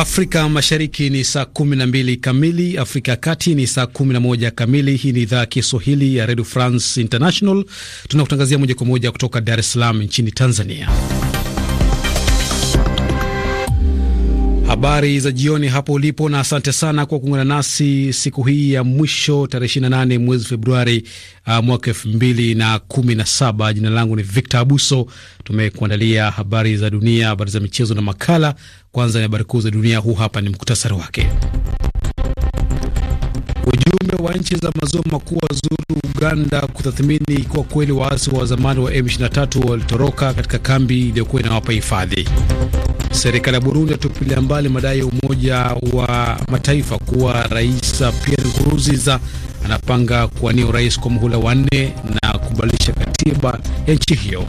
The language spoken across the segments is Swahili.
Afrika Mashariki ni saa 12 kamili, Afrika ya Kati ni saa 11 kamili. Hii ni idhaa ya Kiswahili ya Radio France International, tunakutangazia moja kwa moja kutoka Dar es Salaam nchini Tanzania. Habari za jioni hapo ulipo, na asante sana kwa kuungana nasi siku hii ya mwisho tarehe 28 mwezi Februari uh, mwaka 2017. Jina langu ni Victor Abuso. Tumekuandalia habari za dunia, habari za michezo na makala kwanza ni habari kuu za dunia, huu hapa ni muktasari wake. Ujumbe wa nchi za maziwa makuu wazuru Uganda kutathmini ikiwa kweli waasi wa zamani wa M23 walitoroka katika kambi iliyokuwa inawapa hifadhi. Serikali ya Burundi yatupilia mbali madai ya Umoja wa Mataifa kuwa Rais Pierre Nkurunziza anapanga kuwania urais kwa muhula wa nne na kubadilisha katiba ya nchi hiyo.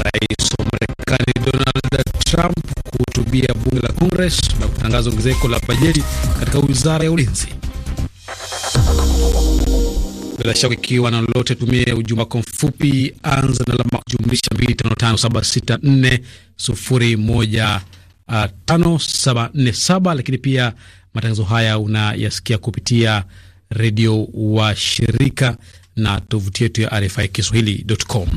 Rais wa Marekani Donald Trump kuhutubia bunge la Kongres na kutangaza ongezeko la bajeti katika wizara ya ulinzi. Bila shaka ikiwa na lolote, tumie ujumbe wako mfupi, anza na alama kujumlisha 255764015747. Ah, Lakini pia matangazo haya unayasikia kupitia redio wa shirika na tovuti yetu ya RFI Kiswahili.com.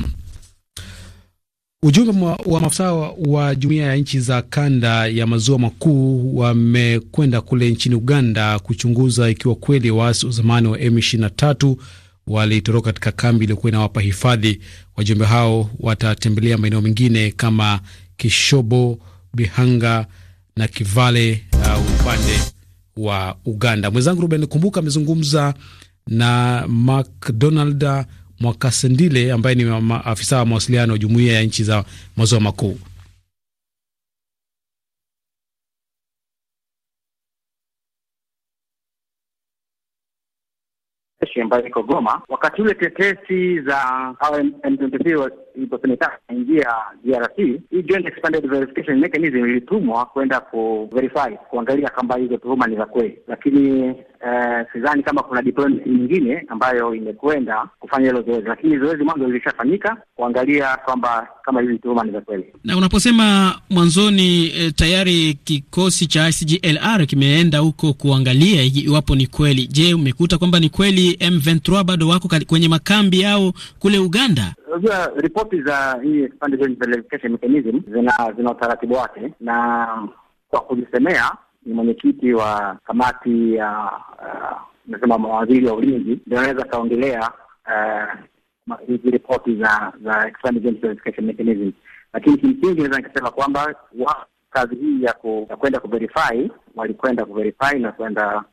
Ujumbe wa maafisa wa jumuiya ya nchi za kanda ya maziwa makuu wamekwenda kule nchini Uganda kuchunguza ikiwa kweli waasi wa zamani wa M23 walitoroka katika kambi iliyokuwa inawapa hifadhi. Wajumbe hao watatembelea maeneo mengine kama Kishobo, Bihanga na Kivale uh, upande wa Uganda. Mwenzangu Ruben Kumbuka amezungumza na McDonald Mwakasendile ambaye ni afisa wa mawasiliano wa jumuiya ya nchi za maziwa makuu. ambayo iko Goma wakati ule tetesi za M23 iliposemekana inaingia DRC, hii joint expanded verification mechanism ilitumwa kwenda kuverify kuangalia kwamba hizo tuhuma ni za kweli, lakini Uh, sidhani kama kuna diplomacy nyingine ambayo imekwenda kufanya hilo zoezi, lakini zoezi mwanzo lilishafanyika kuangalia kwamba kama hizi tuhuma ni za kweli. Na unaposema mwanzoni, e, tayari kikosi cha ICGLR kimeenda huko kuangalia iwapo ni kweli. Je, umekuta kwamba ni kweli M23 bado wako kwenye makambi yao kule Uganda? Unajua kopi za hii expanded verification mechanism zina zina utaratibu wake, na kwa kuzisemea ni mwenyekiti wa kamati ya uh, nasema mawaziri wa ulinzi ndio anaweza akaongelea uh, hizi ripoti za za expanded verification mechanism, lakini kimsingi naweza nikasema kwamba wa kazi hii ya kwenda kuverify walikwenda kuverify na kwenda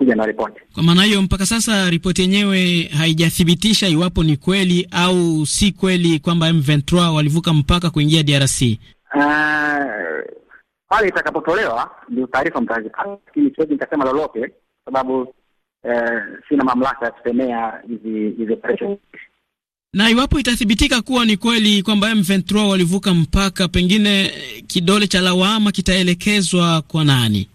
kuja na ripoti. Kwa maana hiyo, mpaka sasa ripoti yenyewe haijathibitisha iwapo ni kweli au si kweli kwamba M23 walivuka mpaka kuingia DRC. Pale uh, itakapotolewa ndio taarifa mtazipata, lakini siwezi nikasema lolote sababu uh, sina mamlaka ya kusemea hizi hizi operesheni na iwapo itathibitika kuwa ni kweli kwamba M23 walivuka mpaka, pengine kidole cha lawama kitaelekezwa kwa nani?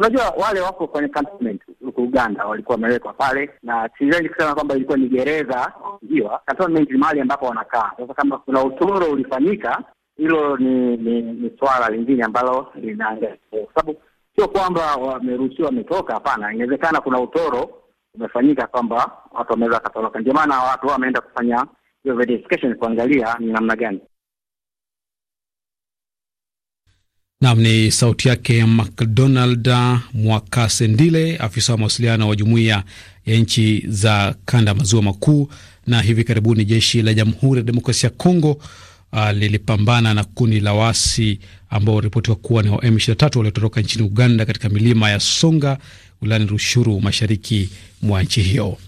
Unajua wale wako kwenye cantonment huko Uganda, walikuwa wamewekwa pale, na sidhani kusema kwamba ilikuwa ni gereza jiwa. Cantonment ni mahali ambapo wanakaa. Sasa kama kuna utoro ulifanyika, hilo ni ni, ni swala lingine ambalo linaangalia, kwa sababu sio kwamba wameruhusiwa wametoka. Hapana, inawezekana kuna utoro umefanyika kwamba watu wameweza wakatoroka. Ndio maana watu wao wameenda kufanya hiyo verification kuangalia ni namna gani Nam ni sauti yake McDonald Mwakasendile, afisa wa mawasiliano wa jumuiya ya nchi za kanda maziwa makuu. Na hivi karibuni jeshi la Jamhuri ya Demokrasia ya Kongo uh, lilipambana na kundi la waasi ambao ripotiwa kuwa ni wa M23 waliotoroka nchini Uganda katika milima ya Songa wilayani Rushuru, mashariki mwa nchi hiyo.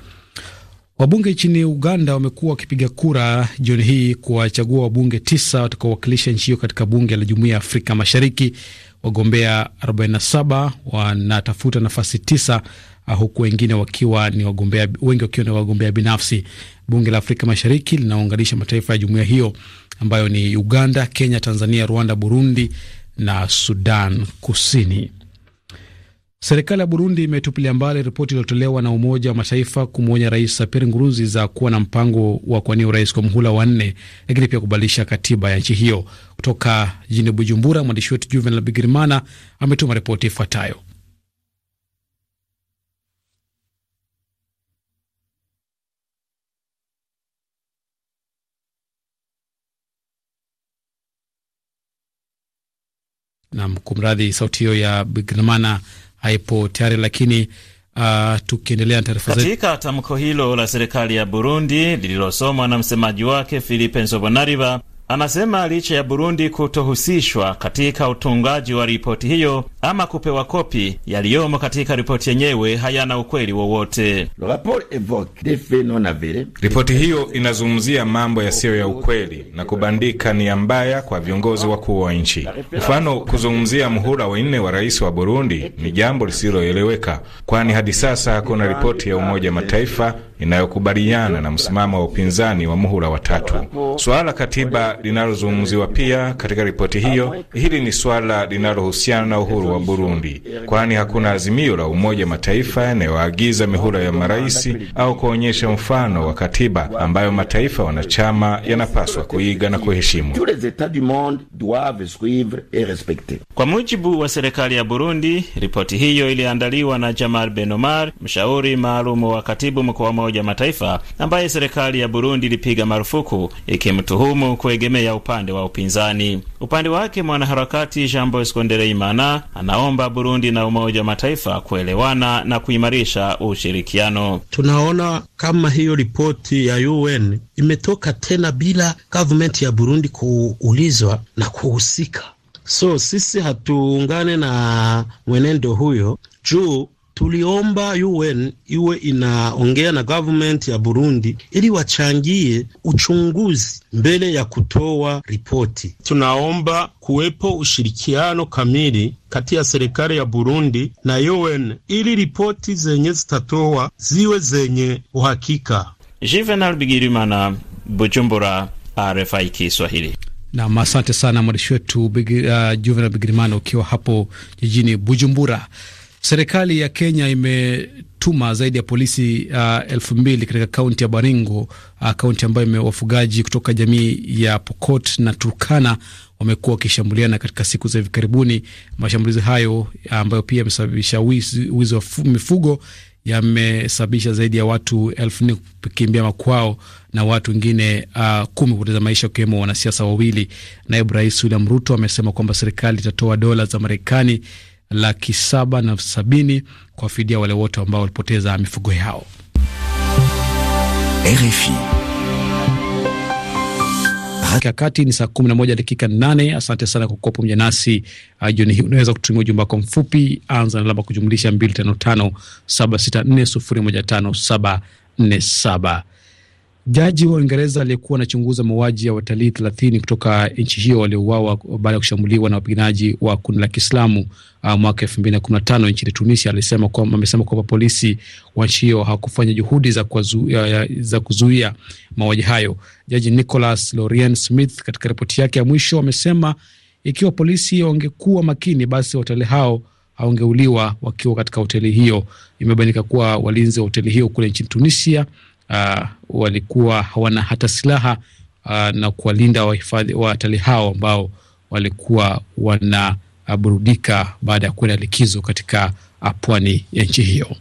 Wabunge nchini Uganda wamekuwa wakipiga kura jioni hii kuwachagua wabunge tisa watakaowakilisha nchi hiyo katika bunge la jumuiya ya Afrika Mashariki. Wagombea 47 wanatafuta nafasi tisa, ah, huku wengine wakiwa ni wagombea, wengi wakiwa ni wagombea binafsi. Bunge la Afrika Mashariki linaunganisha mataifa ya jumuiya hiyo ambayo ni Uganda, Kenya, Tanzania, Rwanda, Burundi na Sudan Kusini. Serikali ya Burundi imetupilia mbali ripoti iliyotolewa na Umoja wa Mataifa kumwonya Rais Pierre Nkurunziza kuwa na mpango wa kuwania urais kwa muhula wa nne, lakini pia kubadilisha katiba ya nchi hiyo. Kutoka jijini Bujumbura, mwandishi wetu Juvenal Bigirimana ametuma ripoti ifuatayo. Nam, kumradhi, sauti hiyo ya Bigirimana haipo tayari, lakini Uh, tukiendelea na taarifa zetu katika tamko hilo la serikali ya Burundi lililosomwa na msemaji wake Philippe Nsobonariba, anasema licha ya Burundi kutohusishwa katika utungaji wa ripoti hiyo, ama kupewa kopi yaliyomo katika ripoti yenyewe hayana ukweli wowote. Ripoti hiyo inazungumzia mambo yasiyo ya ukweli na kubandika nia mbaya kwa viongozi wakuu wa nchi. Mfano, kuzungumzia mhula wa nne wa rais wa Burundi ni jambo lisiloeleweka, kwani hadi sasa hakuna ripoti ya Umoja wa Mataifa inayokubaliana na msimamo wa upinzani wa muhula wa tatu. Swala la katiba linalozungumziwa pia katika ripoti hiyo, hili ni swala linalohusiana na uhuru wa Burundi, kwani hakuna azimio la Umoja Mataifa yanayoagiza mihula ya maraisi au kuonyesha mfano wa katiba ambayo mataifa wanachama yanapaswa kuiga na kuheshimu. Kwa mujibu wa serikali ya Burundi, ripoti hiyo iliandaliwa na Jamal Benomar, mshauri maalum wa katibu mkuu wa Umoja Mataifa, ambaye serikali ya Burundi ilipiga marufuku ikimtuhumu kuegemea upande wa upinzani. Upande wake mwanaharakati Jean Bosco Ndereimana anaomba Burundi na Umoja wa Mataifa kuelewana na kuimarisha ushirikiano. Tunaona kama hiyo ripoti ya UN imetoka tena bila gavumenti ya Burundi kuulizwa na kuhusika. So sisi hatuungane na mwenendo huyo juu tuliomba UN iwe inaongea na government ya Burundi ili wachangie uchunguzi mbele ya kutoa ripoti. Tunaomba kuwepo ushirikiano kamili kati ya serikali ya Burundi na UN ili ripoti zenye zitatoa ziwe zenye uhakika. Juvenal Bigirimana, Bujumbura, RFI Kiswahili. Nam, asante sana mwandishi wetu uh, Juvenal Bigirimana ukiwa hapo jijini Bujumbura. Serikali ya Kenya imetuma zaidi ya polisi uh, elfu mbili katika kaunti ya Baringo uh, kaunti ambayo imewafugaji kutoka jamii ya Pokot na Turkana wamekuwa wakishambuliana katika siku za hivi karibuni. Mashambulizi hayo uh, ambayo pia yamesababisha wizi wa mifugo yamesababisha zaidi ya watu elfu nne kukimbia makwao na watu wengine uh, kumi kupoteza maisha wakiwemo wanasiasa wawili. Naibu Rais William Ruto amesema kwamba serikali itatoa dola za Marekani laki saba na sabini kwa fidia wale wote ambao walipoteza mifugo yao. RFI kakati ni saa kumi na moja dakika nane. Asante sana kwa kuwa pamoja nasi uh, jioni hii. Unaweza kutumia ujumbe wako mfupi, anza na alama kujumlisha mbili tano tano saba sita nne sufuri moja tano saba nne saba. Jaji wa Uingereza aliyekuwa anachunguza mauaji ya watalii thelathini kutoka nchi hiyo waliouawa baada ya kushambuliwa na wapiganaji wa kundi la Kiislamu uh, mwaka elfu mbili na kumi na tano nchini Tunisia alisema kwamba amesema kwamba polisi wa nchi hiyo hawakufanya juhudi za, uh, za kuzuia mauaji hayo. Jaji Nicholas Lorien Smith katika ripoti yake ya mwisho amesema ikiwa polisi wangekuwa makini, basi watalii hao hawangeuliwa wakiwa katika hoteli hiyo. Imebainika kuwa walinzi wa hoteli hiyo kule nchini Tunisia uh, walikuwa hawana hata silaha uh, na kuwalinda wahifadhi watalii hao ambao walikuwa wanaburudika baada ya kuenda likizo katika ah, pwani ya nchi hiyo.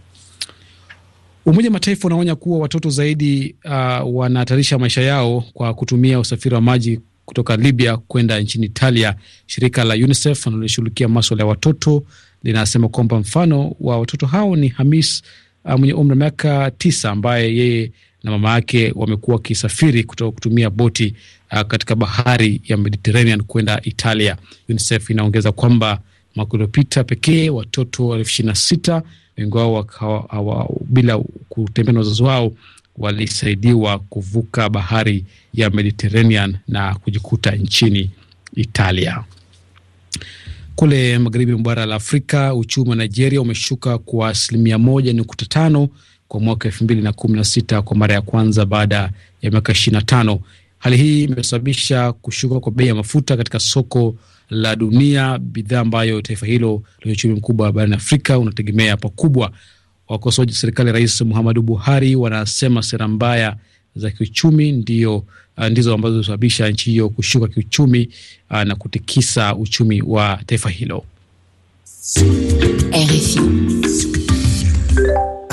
Umoja wa Mataifa unaonya kuwa watoto zaidi uh, wanahatarisha maisha yao kwa kutumia usafiri wa maji kutoka Libya kwenda nchini Italia. Shirika la UNICEF linaloshughulikia maswala ya watoto linasema kwamba mfano wa watoto hao ni Hamis Ah, mwenye umri wa miaka tisa ambaye yeye na mama yake wamekuwa wakisafiri kutoka kutumia boti uh, katika bahari ya Mediterranean kwenda Italia. UNICEF inaongeza kwamba mwaka uliopita pekee watoto elfu ishirini na sita wengi wao bila kutembea na wazazi wao walisaidiwa kuvuka bahari ya Mediterranean na kujikuta nchini Italia. Kule magharibi mwa bara la Afrika, uchumi wa Nigeria umeshuka kwa asilimia moja nukta tano kwa mwaka elfu mbili na kumi na sita kwa mara ya kwanza baada ya miaka ishirini na tano. Hali hii imesababisha kushuka kwa bei ya mafuta katika soko la dunia, bidhaa ambayo taifa hilo lenye uchumi mkubwa barani Afrika unategemea pakubwa. Wakosoaji serikali ya Rais Muhammadu Buhari wanasema sera mbaya za kiuchumi ndiyo Ah, ndizo ambazo zimesababisha nchi hiyo kushuka kiuchumi ah, na kutikisa uchumi wa taifa hilo. RFI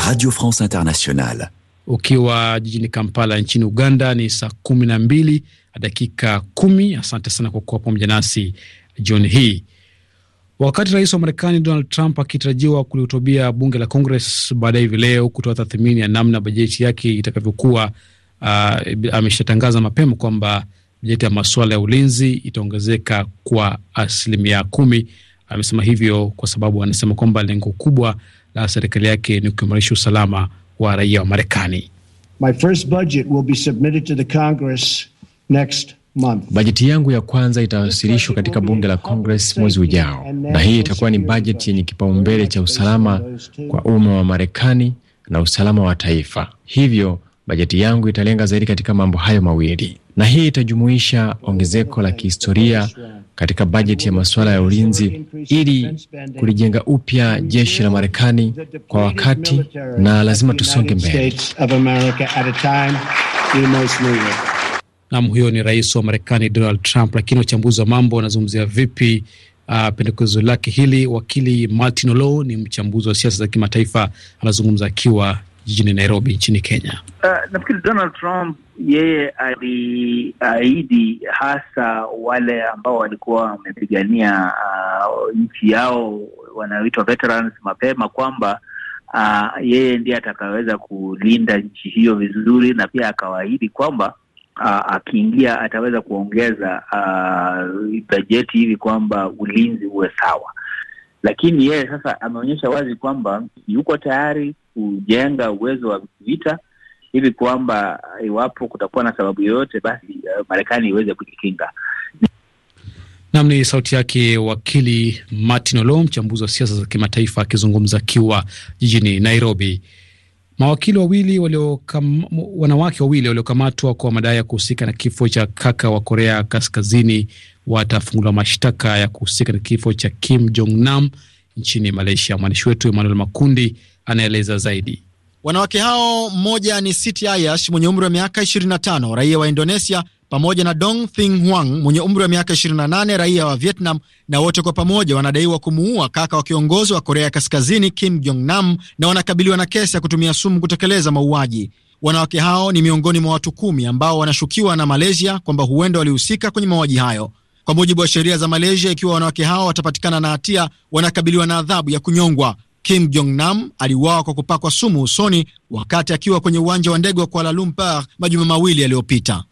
Radio France Internationale. Ukiwa jijini Kampala nchini Uganda ni saa kumi na mbili dakika kumi. Asante sana kwa kuwa pamoja nasi jioni hii. Wakati rais wa Marekani Donald Trump akitarajiwa kulihutubia bunge la Congress baadaye hivi leo kutoa tathmini ya namna bajeti yake itakavyokuwa uh, ameshatangaza mapema kwamba bajeti ya masuala ya ulinzi itaongezeka kwa asilimia kumi. Amesema hivyo kwa sababu anasema kwamba lengo kubwa la serikali yake ni kuimarisha usalama wa raia wa Marekani. Bajeti yangu ya kwanza itawasilishwa katika bunge la Congress mwezi ujao, na hii itakuwa ni bajeti yenye kipaumbele cha usalama kwa umma wa Marekani na usalama wa taifa. Hivyo Bajeti yangu italenga zaidi katika mambo hayo mawili, na hii itajumuisha ongezeko la kihistoria katika bajeti ya masuala ya ulinzi ili kulijenga upya jeshi la Marekani kwa wakati, na lazima tusonge mbele. Nam, huyo ni rais wa Marekani Donald Trump. Lakini wachambuzi wa mambo wanazungumzia vipi uh, pendekezo lake hili? Wakili Martin Olo ni mchambuzi wa siasa za kimataifa, anazungumza akiwa jijini Nairobi nchini Kenya. Uh, nafikiri Donald Trump yeye aliahidi hasa wale ambao walikuwa wamepigania uh, nchi yao wanaoitwa veterans mapema kwamba uh, yeye ndiye atakaweza kulinda nchi hiyo vizuri, na pia akawaahidi kwamba uh, akiingia ataweza kuongeza uh, bajeti hivi kwamba ulinzi uwe sawa lakini yeye sasa ameonyesha wazi kwamba yuko tayari kujenga uwezo wa vita hivi kwamba iwapo kutakuwa na sababu yoyote, basi uh, Marekani iweze kujikinga. Nam ni sauti yake wakili Martin Olo, mchambuzi wa siasa za kimataifa akizungumza akiwa jijini Nairobi. Mawakili wawili walio wanawake wawili waliokamatwa kwa madai ya kuhusika na kifo cha kaka wa Korea Kaskazini watafunguliwa mashtaka ya kuhusika na kifo cha Kim Jong Nam nchini Malaysia. Mwandishi wetu Emmanuel Makundi anaeleza zaidi. Wanawake hao mmoja ni Siti Ayash mwenye umri wa miaka 25 raia wa Indonesia, pamoja na Dong thing Huang mwenye umri wa miaka 28 raia wa Vietnam, na wote kwa pamoja wanadaiwa kumuua kaka wa kiongozi wa Korea Kaskazini Kim Jong Nam, na wanakabiliwa na kesi ya kutumia sumu kutekeleza mauaji. Wanawake hao ni miongoni mwa watu kumi ambao wanashukiwa na Malaysia kwamba huenda walihusika kwenye mauaji hayo. Kwa mujibu wa sheria za Malaysia, ikiwa wanawake hao watapatikana na hatia, wanakabiliwa na adhabu ya kunyongwa. Kim Jong Nam aliuawa kwa kupakwa sumu usoni wakati akiwa kwenye uwanja wa ndege wa Kuala Lumpur majuma mawili yaliyopita.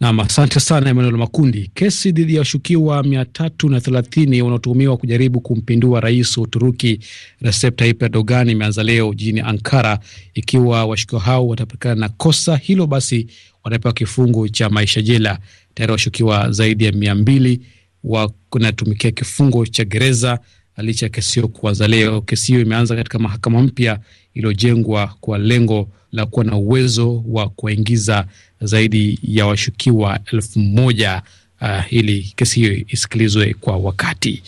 Nam, asante sana Emmanuel Makundi. Kesi dhidi ya washukiwa mia tatu na thelathini wanaotuhumiwa kujaribu kumpindua rais wa Uturuki Recep Tayyip Erdogan imeanza leo jijini Ankara. Ikiwa washukiwa hao watapatikana na kosa hilo, basi wanapewa kifungo cha maisha jela. Tayari washukiwa zaidi ya mia mbili wanatumikia kifungo cha gereza licha ya kesi hiyo kuanza leo. Kesi hiyo imeanza katika mahakama mpya iliyojengwa kwa lengo la kuwa na uwezo wa kuwaingiza zaidi ya washukiwa elfu moja uh, ili kesi hiyo isikilizwe kwa wakati.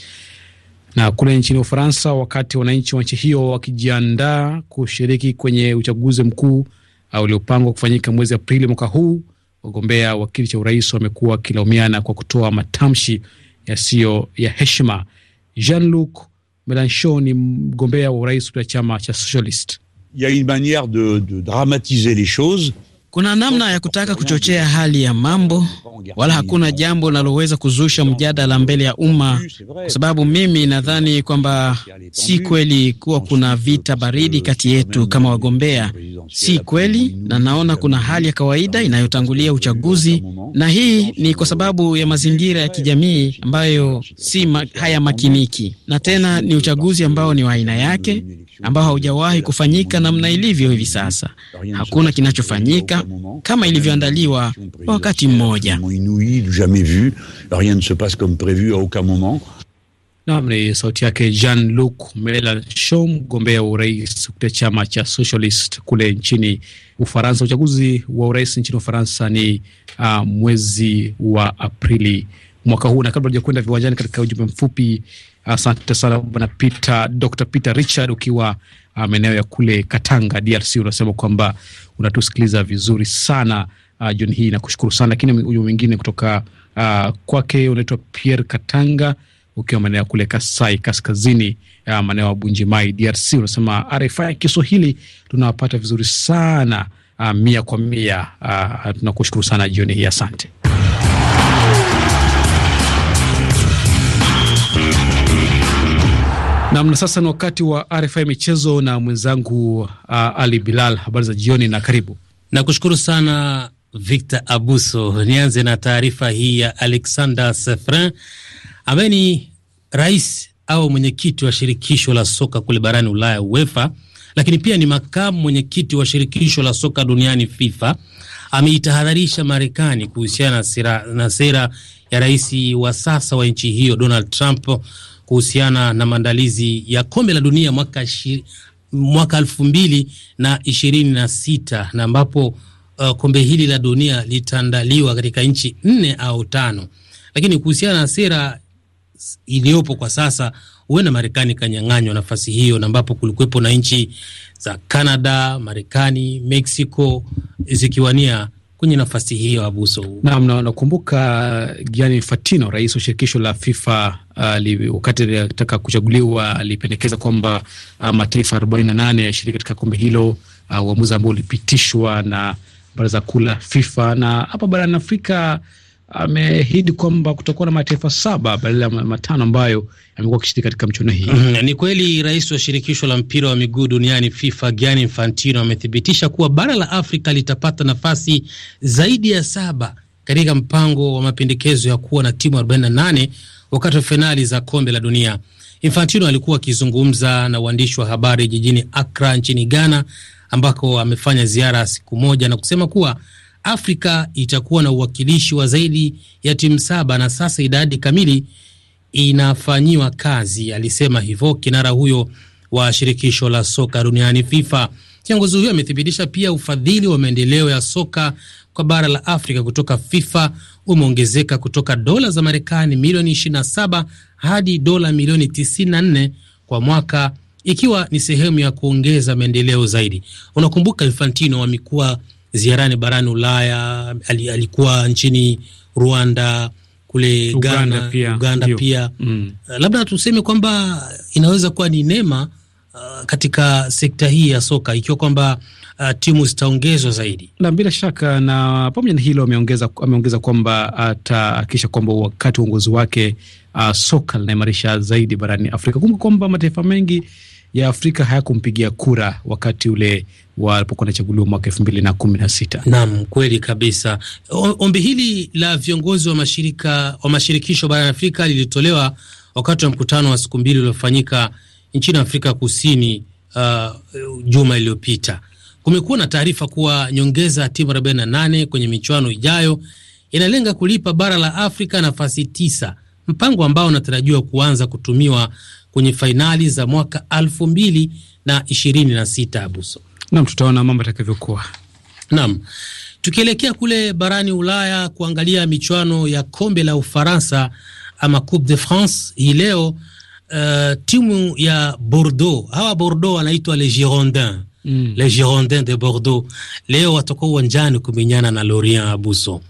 Na kule nchini Ufaransa, wakati wananchi wa nchi hiyo wakijiandaa kushiriki kwenye uchaguzi mkuu uh, uliopangwa kufanyika mwezi Aprili mwaka huu, wagombea wa kiti cha urais wamekuwa wakilaumiana kwa kutoa matamshi yasiyo ya heshima Jean-Luc Mélenchon ni mgombea wa urais wa chama cha Il y a une manière de dramatiser les choses Kuna namna ya kutaka kuchochea hali ya mambo, wala hakuna jambo linaloweza kuzusha mjadala mbele ya umma, kwa sababu mimi nadhani kwamba si kweli kuwa kuna vita baridi kati yetu kama wagombea. Si kweli, na naona kuna hali ya kawaida inayotangulia uchaguzi, na hii ni kwa sababu ya mazingira ya kijamii ambayo si ma haya makiniki, na tena ni uchaguzi ambao ni wa aina yake, ambao haujawahi kufanyika namna ilivyo hivi sasa. Hakuna kinachofanyika kama ilivyoandaliwa kwa wakati mmoja. Nam ni sauti yake Jean Luc Melenchon, mgombea wa urais kupitia chama cha Socialist kule nchini Ufaransa. Uchaguzi wa urais nchini Ufaransa ni uh, mwezi wa Aprili mwaka huu. Na kabla ja kwenda viwanjani katika ujumbe mfupi, asante uh, sana bwana Peter, Dr Peter Richard, ukiwa Uh, maeneo ya kule Katanga, DRC. Unasema kwamba unatusikiliza vizuri sana uh, jioni hii, nakushukuru sana lakini huyu mwingine kutoka uh, kwake unaitwa Pierre Katanga ukiwa maeneo ya kule Kasai Kaskazini, uh, maeneo ya Bunjimai, DRC. Unasema RFI Kiswahili tunawapata vizuri sana uh, mia kwa mia. Uh, tunakushukuru sana jioni hii, asante. Nam, na sasa ni wakati wa RFI michezo na mwenzangu uh, Ali Bilal. Habari za jioni na karibu. Nakushukuru sana Victor Abuso. Nianze na taarifa hii ya Alexander Sefrin ambaye ni rais au mwenyekiti wa shirikisho la soka kule barani Ulaya, UEFA, lakini pia ni makamu mwenyekiti wa shirikisho la soka duniani FIFA, ameitahadharisha Marekani kuhusiana na sera ya rais wa sasa wa nchi hiyo Donald Trump kuhusiana na maandalizi ya kombe la dunia mwaka shir, mwaka elfu mbili na ishirini na sita na ambapo uh, kombe hili la dunia litaandaliwa katika nchi nne au tano, lakini kuhusiana na sera iliyopo kwa sasa huenda Marekani ikanyang'anywa nafasi hiyo, na ambapo kulikuwepo na nchi za Canada, Marekani, Mexico zikiwania kwenye nafasi hiyo Abuso. Naam, na nakumbuka uh, Gianni Infantino, rais wa shirikisho la FIFA uh, wakati alitaka kuchaguliwa alipendekeza kwamba uh, mataifa 48 yashiriki katika kombe hilo, uh, uamuzi ambao ulipitishwa na baraza kuu la FIFA. Na hapa barani Afrika ameahidi kwamba kutakuwa na mataifa saba badala ya matano ambayo yamekuwa akishiriki katika mchuano hii. Mm, ni kweli. Rais wa shirikisho la mpira wa miguu duniani FIFA Gianni Infantino amethibitisha kuwa bara la Afrika litapata nafasi zaidi ya saba katika mpango wa mapendekezo ya kuwa na timu 48 wakati wa fainali za kombe la dunia. Infantino alikuwa akizungumza na waandishi wa habari jijini Akra nchini Ghana, ambako amefanya ziara siku moja na kusema kuwa Afrika itakuwa na uwakilishi wa zaidi ya timu saba na sasa idadi kamili inafanyiwa kazi, alisema hivyo kinara huyo wa shirikisho la soka duniani FIFA. Kiongozi huyo amethibitisha pia ufadhili wa maendeleo ya soka kwa bara la Afrika kutoka FIFA umeongezeka kutoka dola za Marekani milioni 27 hadi dola milioni 94 kwa mwaka, ikiwa ni sehemu ya kuongeza maendeleo zaidi. Unakumbuka Infantino amekuwa ziarani barani Ulaya, alikuwa nchini Rwanda kule Uganda, pia, Uganda pia. Mm. Uh, labda tuseme kwamba uh, inaweza kuwa ni neema uh, katika sekta hii ya soka ikiwa kwamba uh, timu zitaongezwa zaidi. Na bila shaka na pamoja na hilo ameongeza ameongeza kwamba atahakikisha kwamba wakati uongozi wake uh, soka linaimarisha zaidi barani Afrika. Kumbuka kwamba mataifa mengi ya Afrika hayakumpigia kura wakati ule walipokuwa wanachaguliwa mwaka elfu mbili na kumi na sita. Naam, kweli kabisa. Ombi hili la viongozi wa mashirika wa mashirikisho barani Afrika lilitolewa wakati wa mkutano wa siku mbili uliofanyika nchini Afrika Kusini uh, juma iliyopita. Kumekuwa na taarifa kuwa nyongeza ya timu 48 kwenye michuano ijayo inalenga kulipa bara la Afrika nafasi tisa, mpango ambao unatarajiwa kuanza kutumiwa kwenye fainali za mwaka elfu mbili na ishirini na sita Abuso. nam, tutaona mambo atakavyokuwa. nam. tukielekea kule barani Ulaya kuangalia michuano ya kombe la Ufaransa ama Coupe de France hii leo, uh, timu ya Bordeaux, hawa Bordeaux wanaitwa le Girondin mm. le Girondin de Bordeaux leo watakuwa uwanjani kumenyana na Lorient Abuso,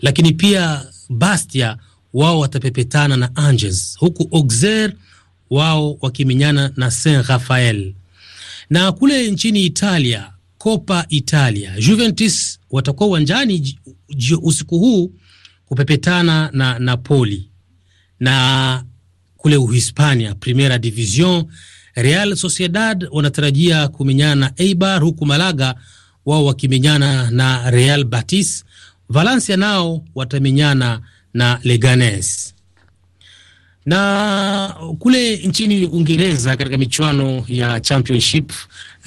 lakini pia Bastia wao watapepetana na Angers, huku Auxerre wao wakimenyana na Saint Rafael. Na kule nchini Italia, Copa Italia, Juventus watakuwa uwanjani usiku huu kupepetana na Napoli, na kule Uhispania, Primera Division, Real Sociedad wanatarajia kumenyana na Eibar, huku Malaga wao wakimenyana na Real Batis. Valencia nao watamenyana na Leganes. Na kule nchini Uingereza katika michuano ya Championship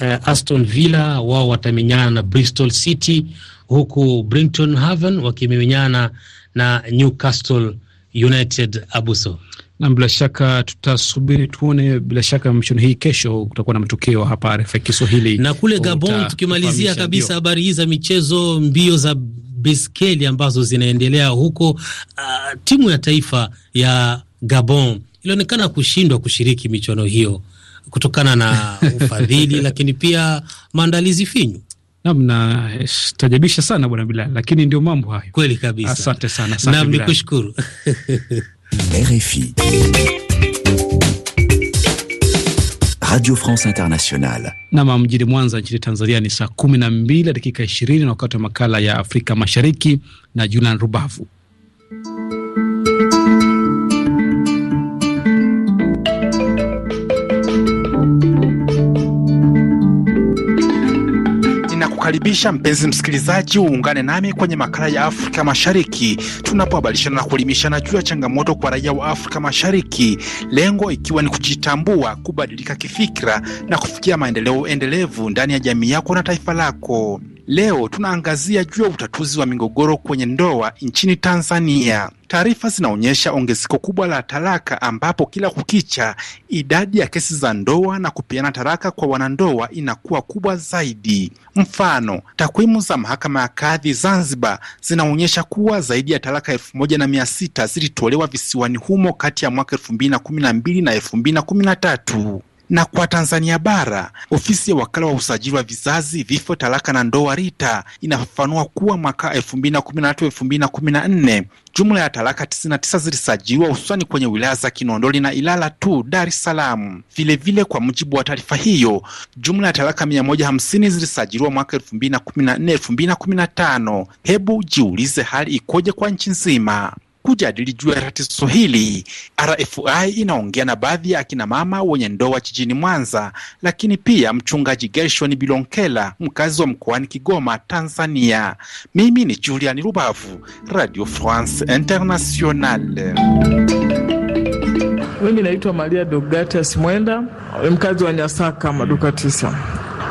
eh, Aston Villa wao watamenyana na Bristol City huku Brinton Haven wakimemenyana na Newcastle United abuso na bila shaka tutasubiri tuone. Bila shaka michuano hii kesho kutakuwa na matokeo hapa RFI Kiswahili. Na kule Gabon, tukimalizia kabisa habari hii za michezo, mbio za baiskeli ambazo zinaendelea huko, uh, timu ya taifa ya Gabon ilionekana kushindwa kushiriki michuano hiyo kutokana na ufadhili lakini pia maandalizi finyu. Nam, natajabisha sana bwana Bilal, lakini ndio mambo hayo. Kweli kabisa, asante sana. Nam, ni kushukuru RFI Radio France Internationale. Nam, mjini Mwanza nchini Tanzania ni saa kumi na mbili dakika ishirini na wakati wa makala ya Afrika Mashariki na Julian Rubavu. kukaribisha mpenzi msikilizaji, uungane nami kwenye makala ya Afrika Mashariki tunapohabarishana na kuelimishana juu ya changamoto kwa raia wa Afrika Mashariki, lengo ikiwa ni kujitambua, kubadilika kifikira na kufikia maendeleo endelevu ndani ya jamii yako na taifa lako. Leo tunaangazia juu ya utatuzi wa migogoro kwenye ndoa nchini Tanzania. Taarifa zinaonyesha ongezeko kubwa la talaka ambapo kila kukicha idadi ya kesi za ndoa na kupeana talaka kwa wanandoa inakuwa kubwa zaidi. Mfano, takwimu za mahakama ya kadhi Zanzibar zinaonyesha kuwa zaidi ya talaka elfu moja na mia sita zilitolewa visiwani humo kati ya mwaka elfu mbili na kumi na mbili na elfu mbili na kumi na tatu. Na kwa Tanzania bara, ofisi ya wakala wa usajili wa vizazi, vifo, talaka na ndoa RITA inafafanua kuwa mwaka 2013 2014 jumla ya talaka 99 zilisajiliwa hususani kwenye wilaya za Kinondoni na Ilala tu Dar es Salaam. Vilevile, kwa mujibu wa taarifa hiyo, jumla ya talaka 150 zilisajiliwa mwaka 2014 2015. Hebu jiulize hali ikoje kwa nchi nzima? kujadili juu ya tatizo hili. RFI inaongea na baadhi ya akina mama wenye ndoa jijini Mwanza, lakini pia mchungaji Gershon Bilonkela, mkazi wa mkoani Kigoma, Tanzania. Mimi ni Juliani Rubavu, Radio France Internationale. Mimi naitwa Maria Dogatas Mwenda, mkazi wa Nyasaka, maduka tisa.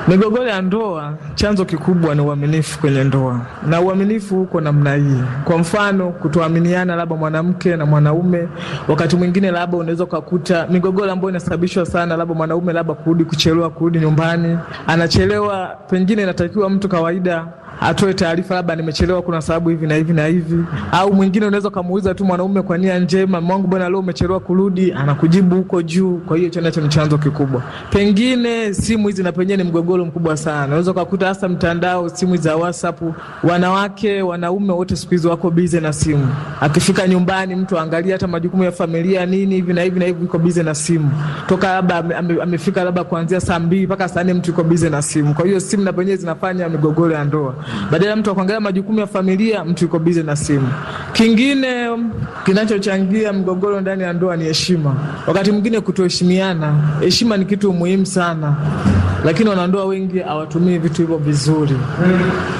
Migogoro ya ndoa, chanzo kikubwa ni uaminifu kwenye ndoa, na uaminifu huko namna hii. Kwa mfano, kutoaminiana labda mwanamke na mwanaume, wakati mwingine labda unaweza ukakuta migogoro ambayo inasababishwa sana, labda mwanaume labda kurudi kuchelewa kurudi nyumbani, anachelewa, pengine inatakiwa mtu kawaida atoe taarifa, labda nimechelewa, kuna sababu hivi na hivi na hivi. Au mwingine unaweza ukamuuliza tu mwanaume kwa nia njema, mwangu bwana, leo umechelewa kurudi, anakujibu huko juu. Kwa hiyo chanacho ni chanzo kikubwa, pengine simu hizi na penyewe ni mgogoro mkubwa sana. Unaweza ukakuta hasa mtandao, simu za WhatsApp, wanawake wanaume wote siku hizi wako bize na simu. Akifika nyumbani mtu angalia hata majukumu ya familia nini hivi na hivi na hivi, yuko bize na simu toka labda amefika ame, ame labda kuanzia saa mbili mpaka saa nne mtu yuko bize na simu. Kwa hiyo simu na penyewe zinafanya migogoro ya ndoa badala ya mtu akuangalia majukumu ya familia, mtu yuko bize na simu. Kingine um, kinachochangia mgogoro ndani ya ndoa ni heshima, wakati mwingine kutoheshimiana. Heshima ni kitu muhimu sana, lakini wanandoa wengi hawatumii vitu hivyo vizuri.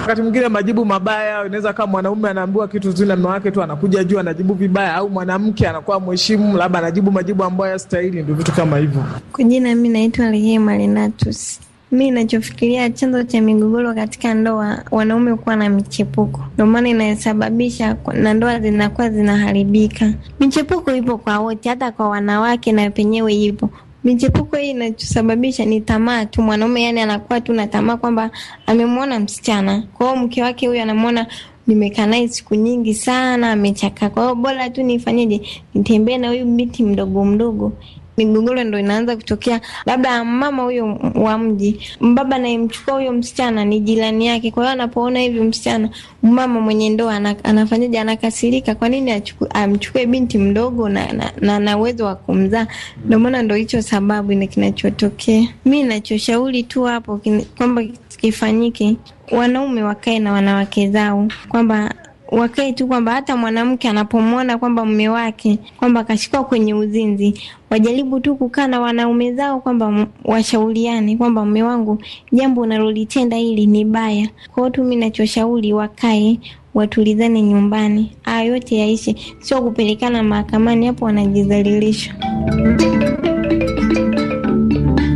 Wakati mwingine majibu mabaya, inaweza kama mwanaume anaambiwa kitu zuri na mume wake tu anakuja juu anajibu vibaya, au mwanamke anakuwa mheshimu, labda anajibu majibu ambayo hayastahili, ndio vitu kama hivyo. Kwa jina mimi naitwa Rehema Linatus. Mi nachofikiria chanzo cha migogoro katika ndoa, wanaume kuwa na michepuko, ndio maana inasababisha na ndoa zinakuwa zinaharibika. Michepuko ipo kwa wote, hata kwa wanawake na penyewe ipo michepuko hii inachosababisha ni tamaa tu. Mwanaume yani anakuwa tu na tamaa kwamba amemwona msichana, kwa hiyo mke wake huyu anamwona nimekaa naye siku nyingi sana, amechakaa, kwa hiyo bora tu nifanyeje, nitembee na huyu binti mdogo mdogo, migogoro ndo inaanza kutokea, labda mama huyo wa mji, baba anayemchukua huyo msichana ni jirani yake. Kwa hiyo anapoona hivi msichana, mama mwenye ndoa anafanyaje? Anakasirika, kwa nini amchukue binti mdogo na na na uwezo wa kumzaa? Ndio maana ndo hicho sababu ni kinachotokea. Mi nachoshauri tu hapo kwamba kifanyike, wanaume wakae na wanawake zao kwamba wakae tu kwamba hata mwanamke anapomwona kwamba mume wake kwamba akashikwa kwenye uzinzi, wajaribu tu kukaa na wanaume zao, kwamba washauriane kwamba mume wangu, jambo unalolitenda hili ni baya. Kwa hiyo tu mimi nachoshauri wakae watulizane nyumbani, haya yote yaishe, sio kupelekana mahakamani, hapo wanajidhalilisha.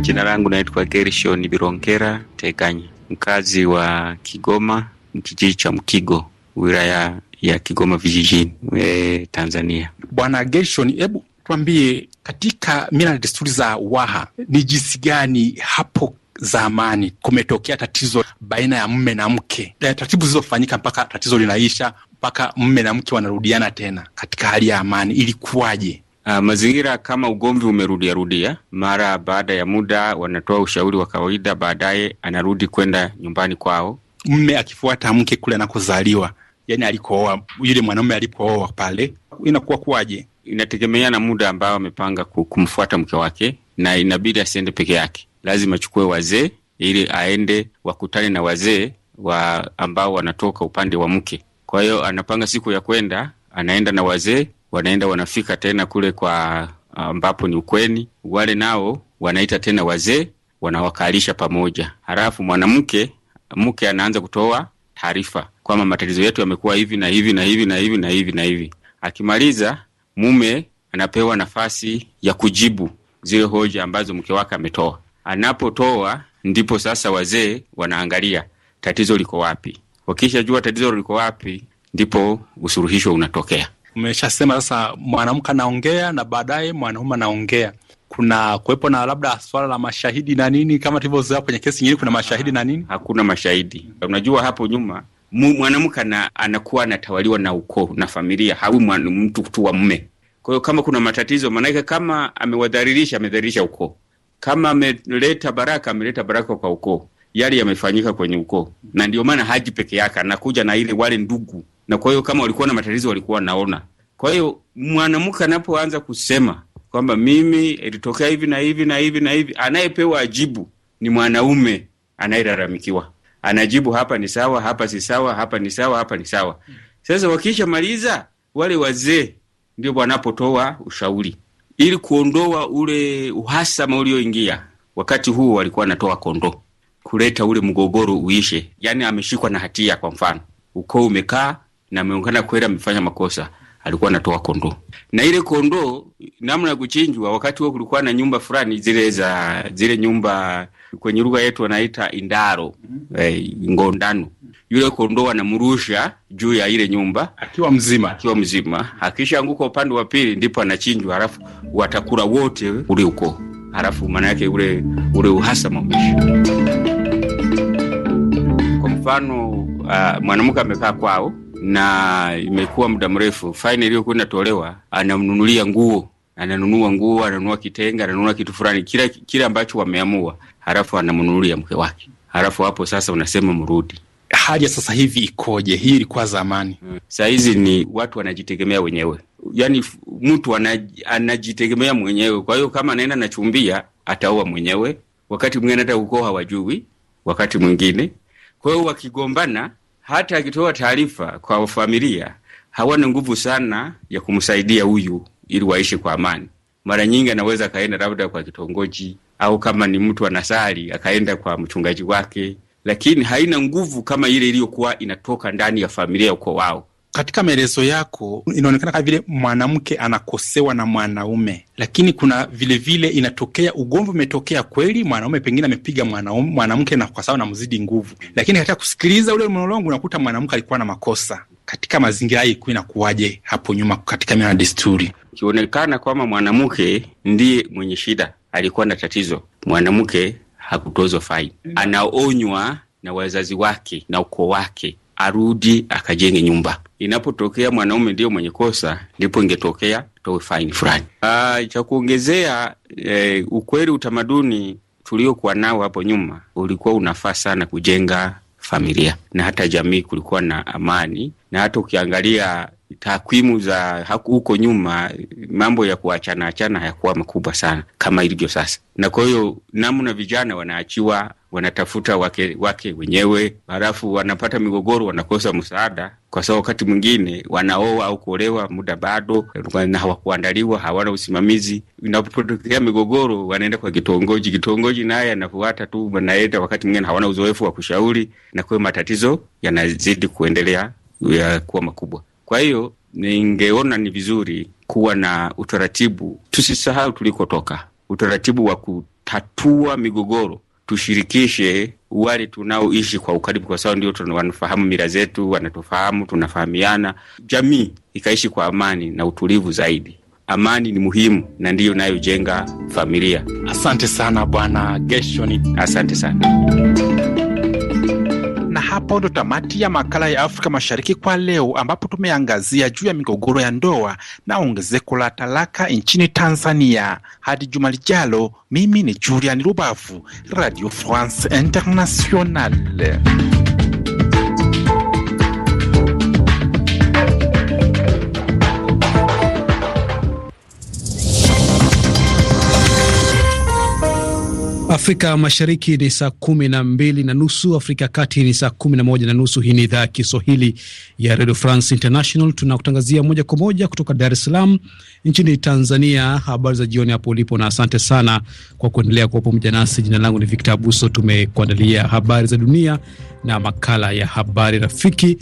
Jina langu naitwa Gerishoni Bironkera Teganya, mkazi wa Kigoma, kijiji cha Mkigo wilaya ya Kigoma vijijini e, Tanzania. Bwana Gerson, hebu tuambie katika mila na desturi za Waha ni jinsi gani hapo zamani kumetokea tatizo baina ya mme na mke, taratibu zilizofanyika mpaka tatizo linaisha, mpaka mme na mke wanarudiana tena katika hali ya amani, ilikuwaje? Uh, mazingira kama ugomvi umerudiarudia, mara baada ya muda wanatoa ushauri wa kawaida, baadaye anarudi kwenda nyumbani kwao, mme akifuata mke kule anakozaliwa yani alikooa yule mwanaume alipooa pale, inakuwa kuwaje? Inategemea na muda ambao amepanga kumfuata mke wake, na inabidi asiende peke yake, lazima achukue wazee ili aende wakutane na wazee wa ambao wanatoka upande wa mke. Kwa hiyo anapanga siku ya kwenda, anaenda na wazee, wanaenda wanafika tena kule kwa ambapo ni ukweni, wale nao wanaita tena wazee, wanawakalisha pamoja, halafu mwanamke mke anaanza kutoa taarifa kwamba matatizo yetu yamekuwa hivi na hivi na hivi na hivi na hivi na hivi. Akimaliza, mume anapewa nafasi ya kujibu zile hoja ambazo mke wake ametoa. Anapotoa ndipo sasa wazee wanaangalia tatizo liko wapi. Wakishajua tatizo liko wapi, ndipo usuluhisho unatokea. Umeshasema sasa, mwanamke anaongea na baadaye mwanaume anaongea. Kuna kuwepo na labda swala la mashahidi na nini, kama tulivyozoea kwenye kesi nyingine, kuna mashahidi na nini? Hakuna mashahidi. Unajua hapo nyuma mwanamke anakuwa anatawaliwa na ukoo na familia, hawi mtu tu wa mume. Kwa hiyo kama kuna matatizo, maanake kama amewadhalilisha, amedhalilisha ukoo. Kama ameleta baraka, ameleta baraka kwa ukoo. Yale yamefanyika kwenye ukoo, na ndio maana haji peke yake, anakuja na ile wale ndugu, na kwa hiyo kama walikuwa na matatizo, walikuwa naona. Kwa hiyo mwanamke anapoanza kusema kwamba mimi ilitokea hivi na hivi na hivi na hivi, anayepewa ajibu ni mwanaume anayelalamikiwa anajibu hapa ni sawa, hapa si sawa, hapa ni sawa, hapa ni sawa. Sasa wakishamaliza wale wazee ndio wanapotoa ushauri ili kuondoa ule uhasama ulioingia. Wakati huo walikuwa wanatoa kondoo kuleta ule mgogoro uishe. Yani ameshikwa na hatia, kwa mfano ukoo umekaa na ameonekana kweli amefanya makosa, alikuwa anatoa kondoo. Na ile kondoo namna ya kuchinjwa, wakati huo kulikuwa na nyumba fulani zile za zile nyumba kwenye lugha yetu wanaita indaro eh, ngondano. Yule kondoo anamrusha juu ya ile nyumba akiwa mzima, akiwa mzima. Akishaanguka upande wa pili, ndipo anachinjwa, halafu watakula wote ule uko, halafu maana yake ule ule uhasama umeisha. Kwa mfano uh, mwanamke amekaa kwao na imekuwa muda mrefu, faini iliyokuwa inatolewa anamnunulia nguo ananunua nguo, ananunua kitenga, ananunua kitu fulani, kila kile ambacho wameamua, halafu anamnunulia mke wake, halafu hapo sasa unasema mrudi. Hali ya sasa hivi ikoje? Hii ilikuwa zamani, Hmm. saa hizi ni watu wanajitegemea wenyewe, yaani mtu anajitegemea mwenyewe. Kwa hiyo kama anaenda nachumbia, ataoa mwenyewe, wakati mwingine hata ukoo hawajui, wakati mwingine. Kwa hiyo wakigombana, hata akitoa taarifa kwa familia, hawana nguvu sana ya kumsaidia huyu ili waishi kwa amani. Mara nyingi anaweza akaenda labda kwa kitongoji, au kama ni mtu anasali akaenda kwa mchungaji wake, lakini haina nguvu kama ile iliyokuwa inatoka ndani ya familia ya ukoo wao. Katika maelezo yako inaonekana kama vile mwanamke anakosewa na mwanaume, lakini kuna vilevile vile inatokea ugomvi umetokea kweli, mwanaume pengine amepiga mwanamke na kwa sababu namzidi nguvu, lakini katika kusikiliza ule monolongu unakuta mwanamke alikuwa na makosa katika mazingira ilikuwa inakuwaje hapo nyuma katika mila na desturi? Ikionekana kwamba mwanamke ndiye mwenye shida, alikuwa na tatizo. Mwanamke hakutozwa faini, anaonywa na wazazi wake na ukoo wake arudi akajenge nyumba. Inapotokea mwanaume ndiyo mwenye kosa, ndipo ingetokea toe faini fulani. Ah, cha kuongezea e, ukweli, utamaduni tuliokuwa nao hapo nyuma ulikuwa unafaa sana kujenga familia na hata jamii, kulikuwa na amani. Na hata ukiangalia takwimu za huko nyuma, mambo ya kuachana achana hayakuwa makubwa sana kama ilivyo sasa. Na kwa hiyo namna vijana wanaachiwa wanatafuta wake wake wenyewe, halafu wanapata migogoro, wanakosa msaada, kwa sababu wakati mwingine wanaoa au kuolewa muda bado na hawakuandaliwa, hawana usimamizi. Inapotokea migogoro, wanaenda kwa kitongoji, kitongoji naye anafuata tu, wanaenda, wakati mwingine hawana uzoefu wa kushauri, na kwa hiyo matatizo yanazidi kuendelea ya kuwa makubwa. Kwa hiyo ningeona ni vizuri kuwa na utaratibu, tusisahau tulikotoka, utaratibu wa kutatua migogoro tushirikishe wale tunaoishi kwa ukaribu, kwa sababu ndio wanafahamu mila zetu, wanatufahamu, tunafahamiana, jamii ikaishi kwa amani na utulivu zaidi. Amani ni muhimu na ndiyo inayojenga familia. Asante sana Bwana Geshoni, asante sana hapo ndo tamati ya makala ya Afrika Mashariki kwa leo, ambapo tumeangazia juu ya migogoro ya ndoa na ongezeko la talaka nchini Tanzania. Hadi juma lijalo, mimi ni Julian Rubavu, Radio France Internationale. Afrika Mashariki ni saa kumi na mbili na nusu, Afrika ya Kati ni saa kumi na moja na nusu. Hii ni idhaa ya Kiswahili ya Radio France International, tunakutangazia moja kwa moja kutoka Dar es Salaam nchini Tanzania. Habari za jioni hapo ulipo, na asante sana kwa kuendelea kuwa pamoja nasi. Jina langu ni Victor Abuso. Tumekuandalia habari za dunia na makala ya habari rafiki.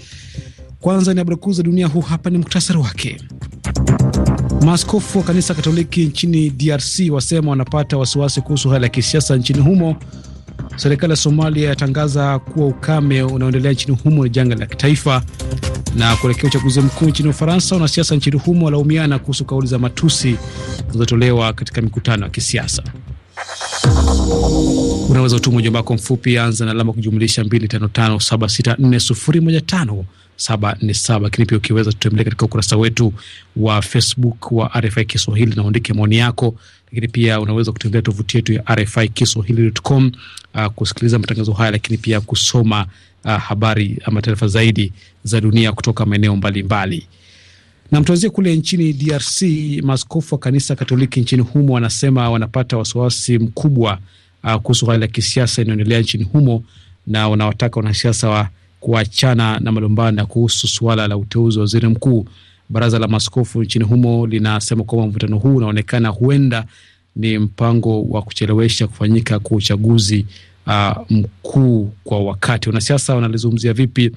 Kwanza ni habari kuu za dunia, huu hapa ni muktasari wake. Maaskofu wa kanisa Katoliki nchini DRC wasema wanapata wasiwasi kuhusu hali ya kisiasa nchini humo. Serikali ya Somalia yatangaza kuwa ukame unaoendelea nchini humo ni janga la kitaifa. Na kuelekea uchaguzi mkuu nchini Ufaransa, wanasiasa nchini humo walaumiana kuhusu kauli za matusi zinazotolewa katika mikutano ya kisiasa. Unaweza utuma ujumbe wako mfupi, anza na alama kujumlisha 2557640155 747. Lakini pia ukiweza tutembelea katika ukurasa wetu wa Facebook wa RFI Kiswahili na uandike maoni yako, lakini pia unaweza kutembelea tovuti yetu ya RFI Kiswahili.com uh, kusikiliza matangazo haya, lakini pia kusoma uh, habari ama taarifa zaidi za dunia kutoka maeneo mbalimbali na mtuanzie kule nchini DRC. Maaskofu wa kanisa Katoliki nchini humo wanasema wanapata wasiwasi mkubwa uh, kuhusu hali ya kisiasa inayoendelea nchini humo, na wanawataka wanasiasa wa kuachana na malumbano kuhusu suala la uteuzi wa waziri mkuu. Baraza la maskofu nchini humo linasema kwamba mvutano huu unaonekana huenda ni mpango wa kuchelewesha kufanyika kwa uchaguzi uh, mkuu kwa wakati. Wanasiasa wanalizungumzia vipi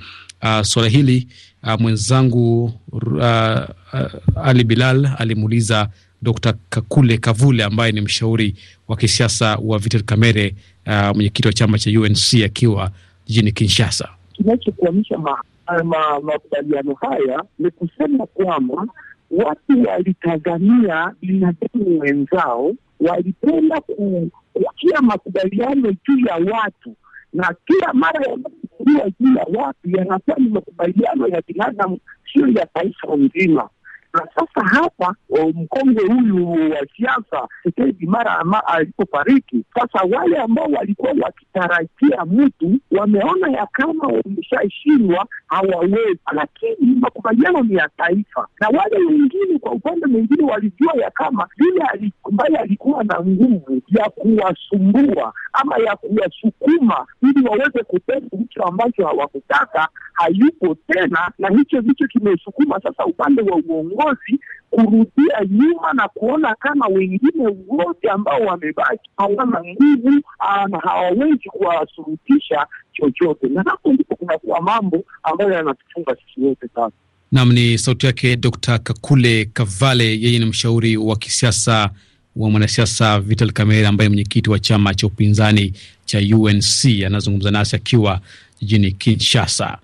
uh, suala hili? Uh, mwenzangu uh, uh, Ali Bilal alimuuliza Dr. Kakule Kavule ambaye ni mshauri wa kisiasa wa Vital Kamerhe, uh, mwenyekiti wa chama cha UNC akiwa jijini Kinshasa kinachokwamisha eh, makubaliano haya ni kusema kwamba watu walitazamia binadamu wenzao, walipenda kukia makubaliano juu ya watu, na kila mara yanaokuliwa juu ya watu yanakuwa ni makubaliano ya binadamu, sio ya taifa nzima. Na sasa hapa eh, mkongwe huyu wa siasa Tshisekedi mara alipofariki, sasa wale ambao walikuwa wakitarajia mtu wameona ya kama wameshashindwa, hawawezi. Lakini makubaliano ni ya taifa, na wale wengine kwa upande mwingine walijua ya kama vile ambaye alikuwa na nguvu ya kuwasumbua ama ya kuwasukuma ili waweze kutenda hicho ambacho hawakutaka hayupo tena, na hicho ndicho kimesukuma sasa upande wa uongozi viongozi kurudia nyuma na kuona kama wengine wote ambao wamebaki hawana nguvu ah, na hawawezi kuwasurutisha chochote, na hapo ndipo kunakuwa mambo ambayo yanatufunga sisi wote sasa. Nam ni sauti yake Dr. Kakule Kavale, yeye ni mshauri wa kisiasa wa mwanasiasa Vital Kamerhe ambaye mwenyekiti wa chama cha upinzani cha UNC anazungumza nasi akiwa jijini Kinshasa.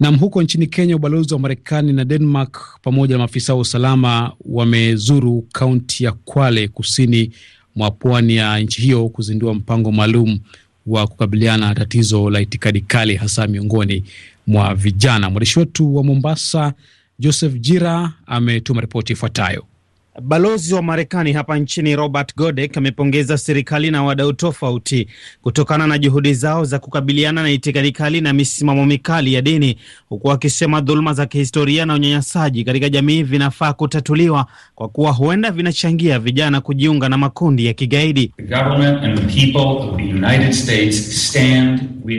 Nam, huko nchini Kenya, ubalozi wa Marekani na Denmark pamoja na maafisa wa usalama wamezuru kaunti ya Kwale kusini mwa pwani ya nchi hiyo kuzindua mpango maalum wa kukabiliana na tatizo la itikadi kali hasa miongoni mwa vijana. Mwandishi wetu wa Mombasa Joseph Jira ametuma ripoti ifuatayo. Balozi wa Marekani hapa nchini Robert Godek amepongeza serikali na wadau tofauti kutokana na juhudi zao za kukabiliana na itikadi kali na misimamo mikali ya dini, huku akisema dhuluma za kihistoria na unyanyasaji katika jamii vinafaa kutatuliwa kwa kuwa huenda vinachangia vijana kujiunga na makundi ya kigaidi.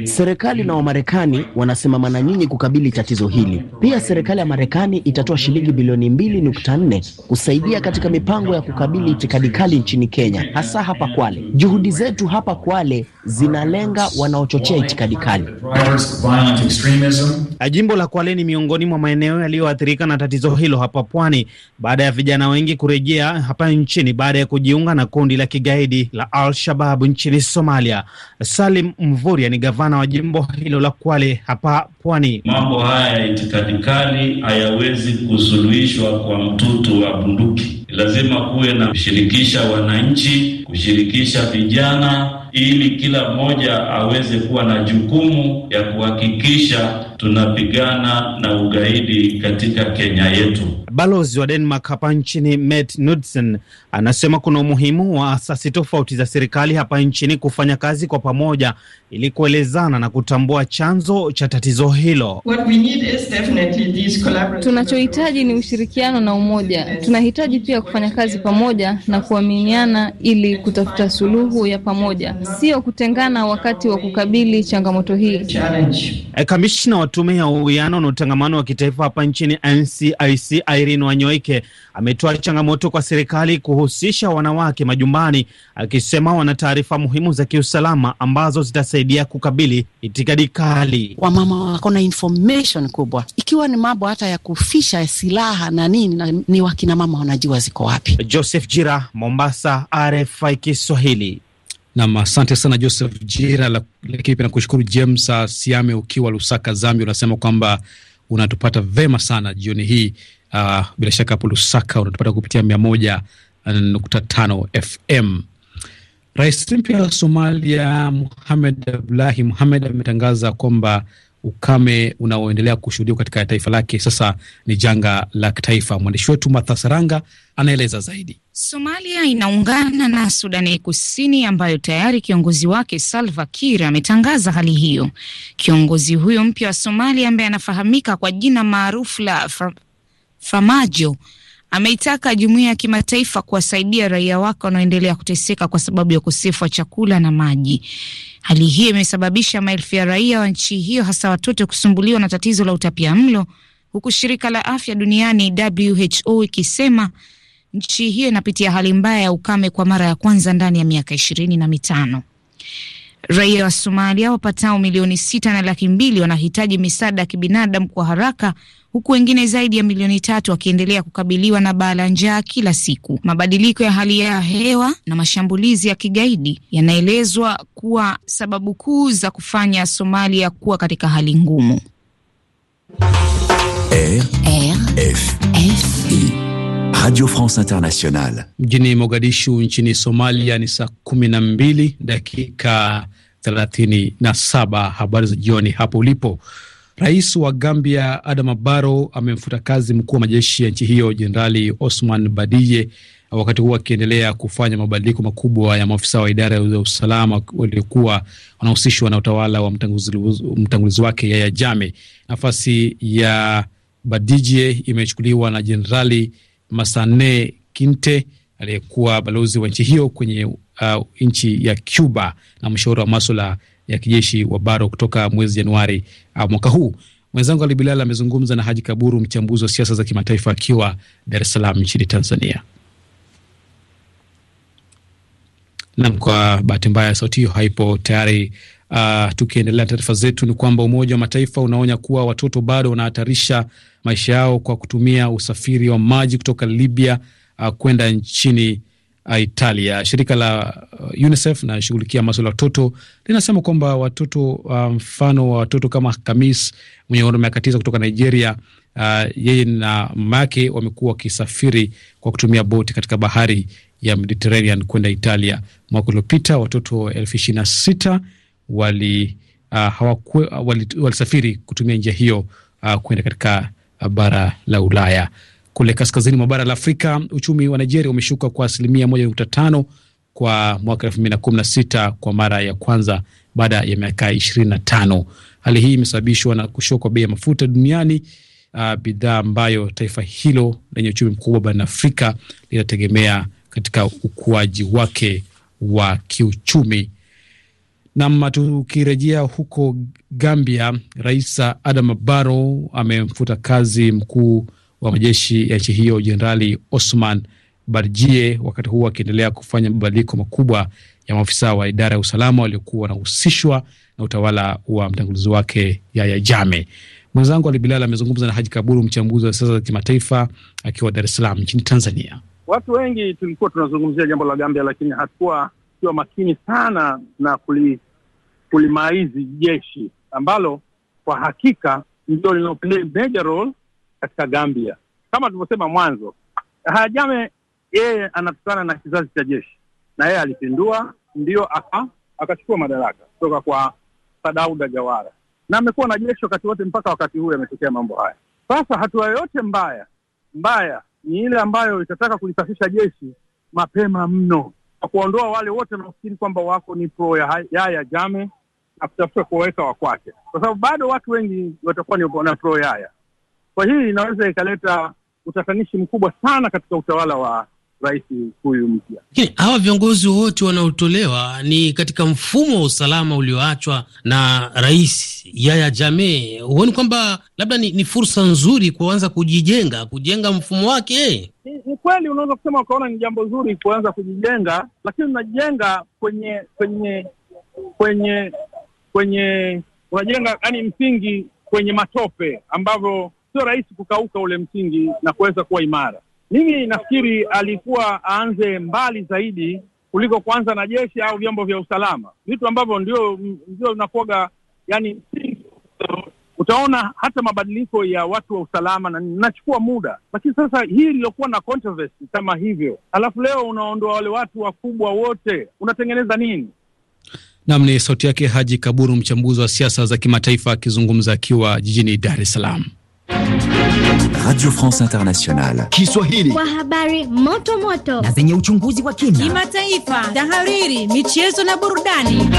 Serikali na Wamarekani wanasimama na nyinyi kukabili tatizo hili. Pia serikali ya Marekani itatoa shilingi bilioni 2.4 kusaidia katika mipango ya kukabili itikadi kali nchini Kenya, hasa hapa Kwale. Juhudi zetu hapa Kwale zinalenga wanaochochea itikadi kali. Jimbo la Kwale ni miongoni mwa maeneo yaliyoathirika na tatizo hilo hapa pwani, baada ya vijana wengi kurejea hapa nchini baada ya kujiunga na kundi la kigaidi la Al-Shabaab nchini Somalia. Salim Mvuria ni gavana gavana wa jimbo hilo la Kwale hapa Pwani. Mambo haya ya itikadi kali hayawezi kusuluhishwa kwa mtutu wa bunduki lazima kuwe na kushirikisha wananchi, kushirikisha vijana, ili kila mmoja aweze kuwa na jukumu ya kuhakikisha tunapigana na ugaidi katika Kenya yetu. Balozi wa Denmark hapa nchini Matt Knudsen anasema kuna umuhimu wa asasi tofauti za serikali hapa nchini kufanya kazi kwa pamoja ili kuelezana na kutambua chanzo cha tatizo hilo. Tunachohitaji ni ushirikiano na umoja. Tunahitaji pia kufanya kazi pamoja na kuaminiana ili kutafuta suluhu ya pamoja, sio kutengana wakati wa kukabili changamoto hii. Eh, kamishna wa tume ya uwiano na utangamano wa kitaifa hapa nchini NCIC, Irene Wanyoike, ametoa changamoto kwa serikali kuhusisha wanawake majumbani, akisema wana taarifa muhimu za kiusalama ambazo zitasaidia kukabili itikadi kali. Wamama wako na information kubwa, ikiwa ni mambo hata ya kufisha silaha na nini, na ni wakinamama wanajua ziko wapi? Joseph Jira, Mombasa, RFI Kiswahili. Nam, asante sana Joseph Jira, lakini pia nakushukuru James Siame ukiwa Lusaka, Zambia. Unasema kwamba unatupata vema sana jioni hii. Uh, bila shaka hapo Lusaka unatupata kupitia mia moja nukta tano FM. Rais mpya wa Somalia Muhamed Abdulahi Muhamed ametangaza kwamba ukame unaoendelea kushuhudiwa katika taifa lake sasa ni janga la kitaifa. Mwandishi wetu Martha Saranga anaeleza zaidi. Somalia inaungana na Sudani Kusini ambayo tayari kiongozi wake Salva Kiir ametangaza hali hiyo. Kiongozi huyo mpya wa Somalia ambaye anafahamika kwa jina maarufu la Farmajo ameitaka jumuiya ya kimataifa kuwasaidia raia wake wanaoendelea kuteseka kwa sababu ya ukosefu wa chakula na maji. Hali hiyo imesababisha maelfu ya raia wa nchi hiyo, hasa watoto, kusumbuliwa na tatizo la utapia mlo, huku shirika la afya duniani WHO ikisema nchi hiyo inapitia hali mbaya ya ukame kwa mara ya kwanza ndani ya miaka ishirini na mitano. Raia wa Somalia wapatao milioni sita na laki mbili wanahitaji misaada ya kibinadamu kwa haraka huku wengine zaidi ya milioni tatu wakiendelea kukabiliwa na baa la njaa kila siku. Mabadiliko ya hali ya hewa na mashambulizi ya kigaidi yanaelezwa kuwa sababu kuu za kufanya Somalia kuwa katika hali ngumu. R Radio France Internationale mjini Mogadishu nchini Somalia ni saa kumi na mbili dakika thelathini na saba. Habari za jioni hapo ulipo. Rais wa Gambia Adama Barrow amemfuta kazi mkuu wa majeshi ya nchi hiyo Jenerali Osman Badije, wakati huo akiendelea kufanya mabadiliko makubwa ya maafisa wa idara ya usalama waliokuwa wanahusishwa na utawala wa mtangulizi wake Yaya Jame. Nafasi ya Badije imechukuliwa na Jenerali Masane Kinte aliyekuwa balozi wa nchi hiyo kwenye uh, nchi ya Cuba na mshauri wa maswala ya kijeshi wa Baro kutoka mwezi Januari uh, mwaka huu. Mwenzangu Ali Bilal amezungumza na Haji Kaburu, mchambuzi wa siasa za kimataifa akiwa Dar es Salaam nchini Tanzania. Nam, kwa bahati mbaya sauti hiyo haipo tayari. Uh, tukiendelea taarifa zetu ni kwamba Umoja wa Mataifa unaonya kuwa watoto bado wanahatarisha maisha yao kwa kutumia usafiri wa maji kutoka Libya uh, kwenda nchini Uh, Italia. Shirika la uh, UNICEF nashughulikia maswala ya watoto linasema kwamba watoto uh, mfano wa watoto kama Kamis mwenye umri wa miaka tisa kutoka Nigeria, uh, yeye na mama yake wamekuwa wakisafiri kwa kutumia boti katika bahari ya Mediterranean kwenda Italia. Mwaka uliopita watoto elfu ishirini na sita wali, uh, hawakwe, wali, walisafiri kutumia njia hiyo uh, kwenda katika bara la Ulaya. Kule kaskazini mwa bara la Afrika, uchumi wa Nigeria umeshuka kwa asilimia moja nukta tano kwa mwaka elfu mbili na kumi na sita kwa mara ya kwanza baada ya miaka ishirini na tano. Hali hii imesababishwa na kushuka kwa bei ya mafuta duniani, uh, bidhaa ambayo taifa hilo lenye uchumi mkubwa barani Afrika linategemea katika ukuaji wake wa kiuchumi. Nam, tukirejea huko Gambia, Rais Adama Barrow amemfuta kazi mkuu wa majeshi ya nchi hiyo Jenerali Osman Barjie, wakati huu akiendelea kufanya mabadiliko makubwa ya maafisa wa idara ya usalama waliokuwa wanahusishwa na utawala wa mtangulizi wake Yaya Jame. Mwenzangu Ali Bilal amezungumza na Haji Kaburu, mchambuzi wa siasa za kimataifa, akiwa Dar es Salaam nchini Tanzania. Watu wengi tulikuwa tunazungumzia jambo la Gambia, lakini hatukuwa kiwa makini sana na kuli, kulimaizi jeshi ambalo kwa hakika ndio linaoplay major role katika Gambia. Kama tulivyosema mwanzo, Hajame yeye anatokana na kizazi cha jeshi, na yeye alipindua ndio aka akachukua madaraka kutoka kwa Sadauda Jawara, na amekuwa na jeshi wakati wote mpaka wakati huu yametokea mambo haya. Sasa hatua yoyote mbaya mbaya ni ile ambayo itataka kulisafisha jeshi mapema mno kwa kuondoa wale wote wanaofikiri kwamba wako ni pro ya jame na kutafuta kuwaweka wakwake, kwa sababu bado watu wengi watakuwa ni pro Yahya kwa hii inaweza ikaleta utatanishi mkubwa sana katika utawala wa rais huyu mpya. Lakini hawa viongozi wote wanaotolewa ni katika mfumo wa usalama ulioachwa na rais yaya jamee Huoni kwamba labda ni, ni fursa nzuri kuanza kujijenga, kujenga mfumo wake? Ni, ni kweli unaweza kusema ukaona ni jambo zuri kuanza kujijenga, lakini unajenga kwenye kwenye kwenye kwenye unajenga yani msingi kwenye matope ambavyo sio rahisi kukauka ule msingi na kuweza kuwa imara. Mimi nafikiri alikuwa aanze mbali zaidi kuliko kuanza na jeshi au vyombo vya usalama, vitu ambavyo ndio ndio unakuwaga yani, utaona hata mabadiliko ya watu wa usalama na nachukua muda, lakini sasa hii iliyokuwa na controversy kama hivyo, alafu leo unaondoa wale watu wakubwa wote, unatengeneza nini? Nam ni sauti yake Haji Kaburu, mchambuzi wa siasa za kimataifa akizungumza akiwa jijini Dar es Salaam. Radio France Internationale. Kiswahili. Kwa habari moto moto na zenye uchunguzi wa kina, kimataifa, tahariri, michezo na burudani.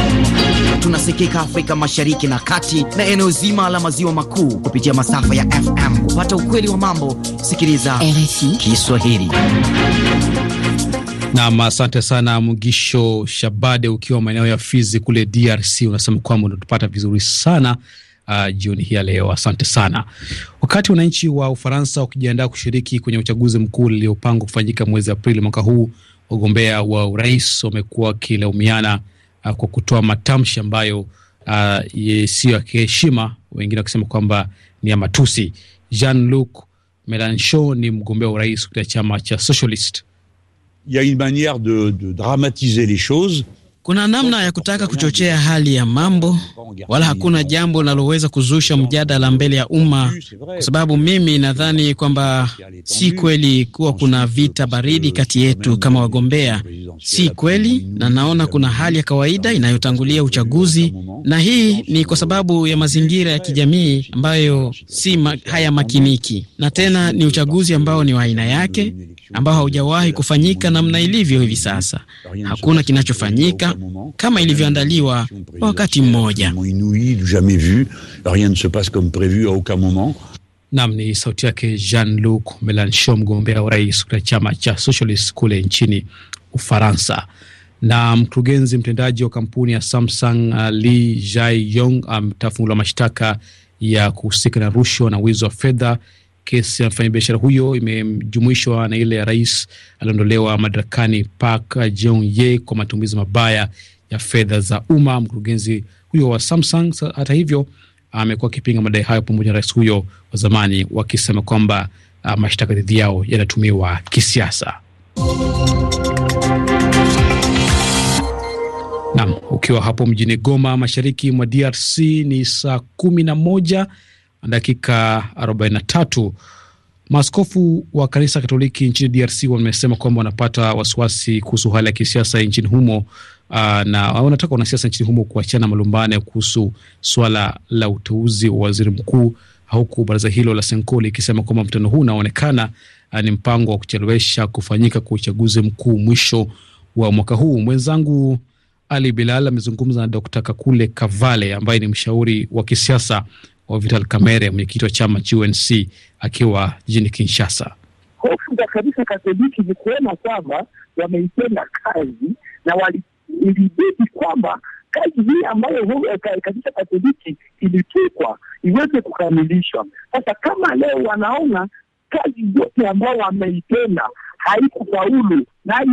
Tunasikika Afrika Mashariki na Kati na eneo zima la maziwa makuu kupitia masafa ya FM. Kupata ukweli wa mambo, sikiliza RFI Kiswahili. Nam, asante sana Mugisho Shabade, ukiwa maeneo ya Fizi kule DRC, unasema kwamba unatupata vizuri sana uh, jioni hii ya leo. Asante sana. Wakati wananchi wa Ufaransa wakijiandaa kushiriki kwenye uchaguzi mkuu uliopangwa kufanyika mwezi Aprili mwaka huu, wagombea wa urais wamekuwa wakilaumiana uh, kwa kutoa matamshi ambayo uh, siyo ya kiheshima, wengine wakisema kwamba ni ya matusi. Jean Luc Melenchon ni mgombea wa urais kupitia chama cha Socialist. Il y a une maniere de, de dramatiser les choses kuna namna ya kutaka kuchochea hali ya mambo, wala hakuna jambo linaloweza kuzusha mjadala mbele ya umma, kwa sababu mimi nadhani kwamba si kweli kuwa kuna vita baridi kati yetu kama wagombea. Si kweli, na naona kuna hali ya kawaida inayotangulia uchaguzi, na hii ni kwa sababu ya mazingira ya kijamii ambayo si ma haya makiniki, na tena ni uchaguzi ambao ni wa aina yake, ambao haujawahi kufanyika namna ilivyo hivi sasa. Hakuna kinachofanyika kama ilivyoandaliwa kwa wakati mmoja. Nam ni sauti yake Jean Luc Melenchon, mgombea urais katika chama cha Socialist kule nchini Ufaransa. Na mkurugenzi mtendaji wa kampuni ya Samsung uh, Li Jae Yong ametafunguliwa um, mashtaka ya kuhusika na rushwa na wizi wa fedha Kesi ya mfanyabiashara huyo imejumuishwa na ile ya rais aliondolewa madarakani Park Geun-hye kwa matumizi mabaya ya fedha za umma. Mkurugenzi huyo wa Samsung hata hivyo amekuwa akipinga madai hayo pamoja na rais huyo wa zamani, wakisema kwamba ah, mashtaka dhidi yao yanatumiwa kisiasa. Nam, ukiwa hapo mjini Goma, mashariki mwa DRC ni saa kumi na moja dakika 43. Maaskofu wa kanisa Katoliki nchini DRC wamesema kwamba wanapata wasiwasi kuhusu hali ya kisiasa nchini humo. Uh, na wanataka wanasiasa nchini humo kuachana malumbano kuhusu swala la uteuzi wa waziri mkuu, huku baraza hilo la Senko likisema kwamba mkutano huu unaonekana uh, ni mpango wa kuchelewesha kufanyika kwa uchaguzi mkuu mwisho wa mwaka huu. Mwenzangu Ali Bilal amezungumza na d Kakule Kavale ambaye ni mshauri wa kisiasa wa Vital Kamerhe, mwenyekiti wa chama cha UNC akiwa jijini Kinshasa. Hofu za kanisa Katoliki ni kuona kwamba wameitenda kazi na walibidi kwamba kazi hii ambayo eh, kanisa Katoliki ilitukwa iweze kukamilishwa. Sasa kama leo wanaona kazi yote ambayo wameitenda haikufaulu na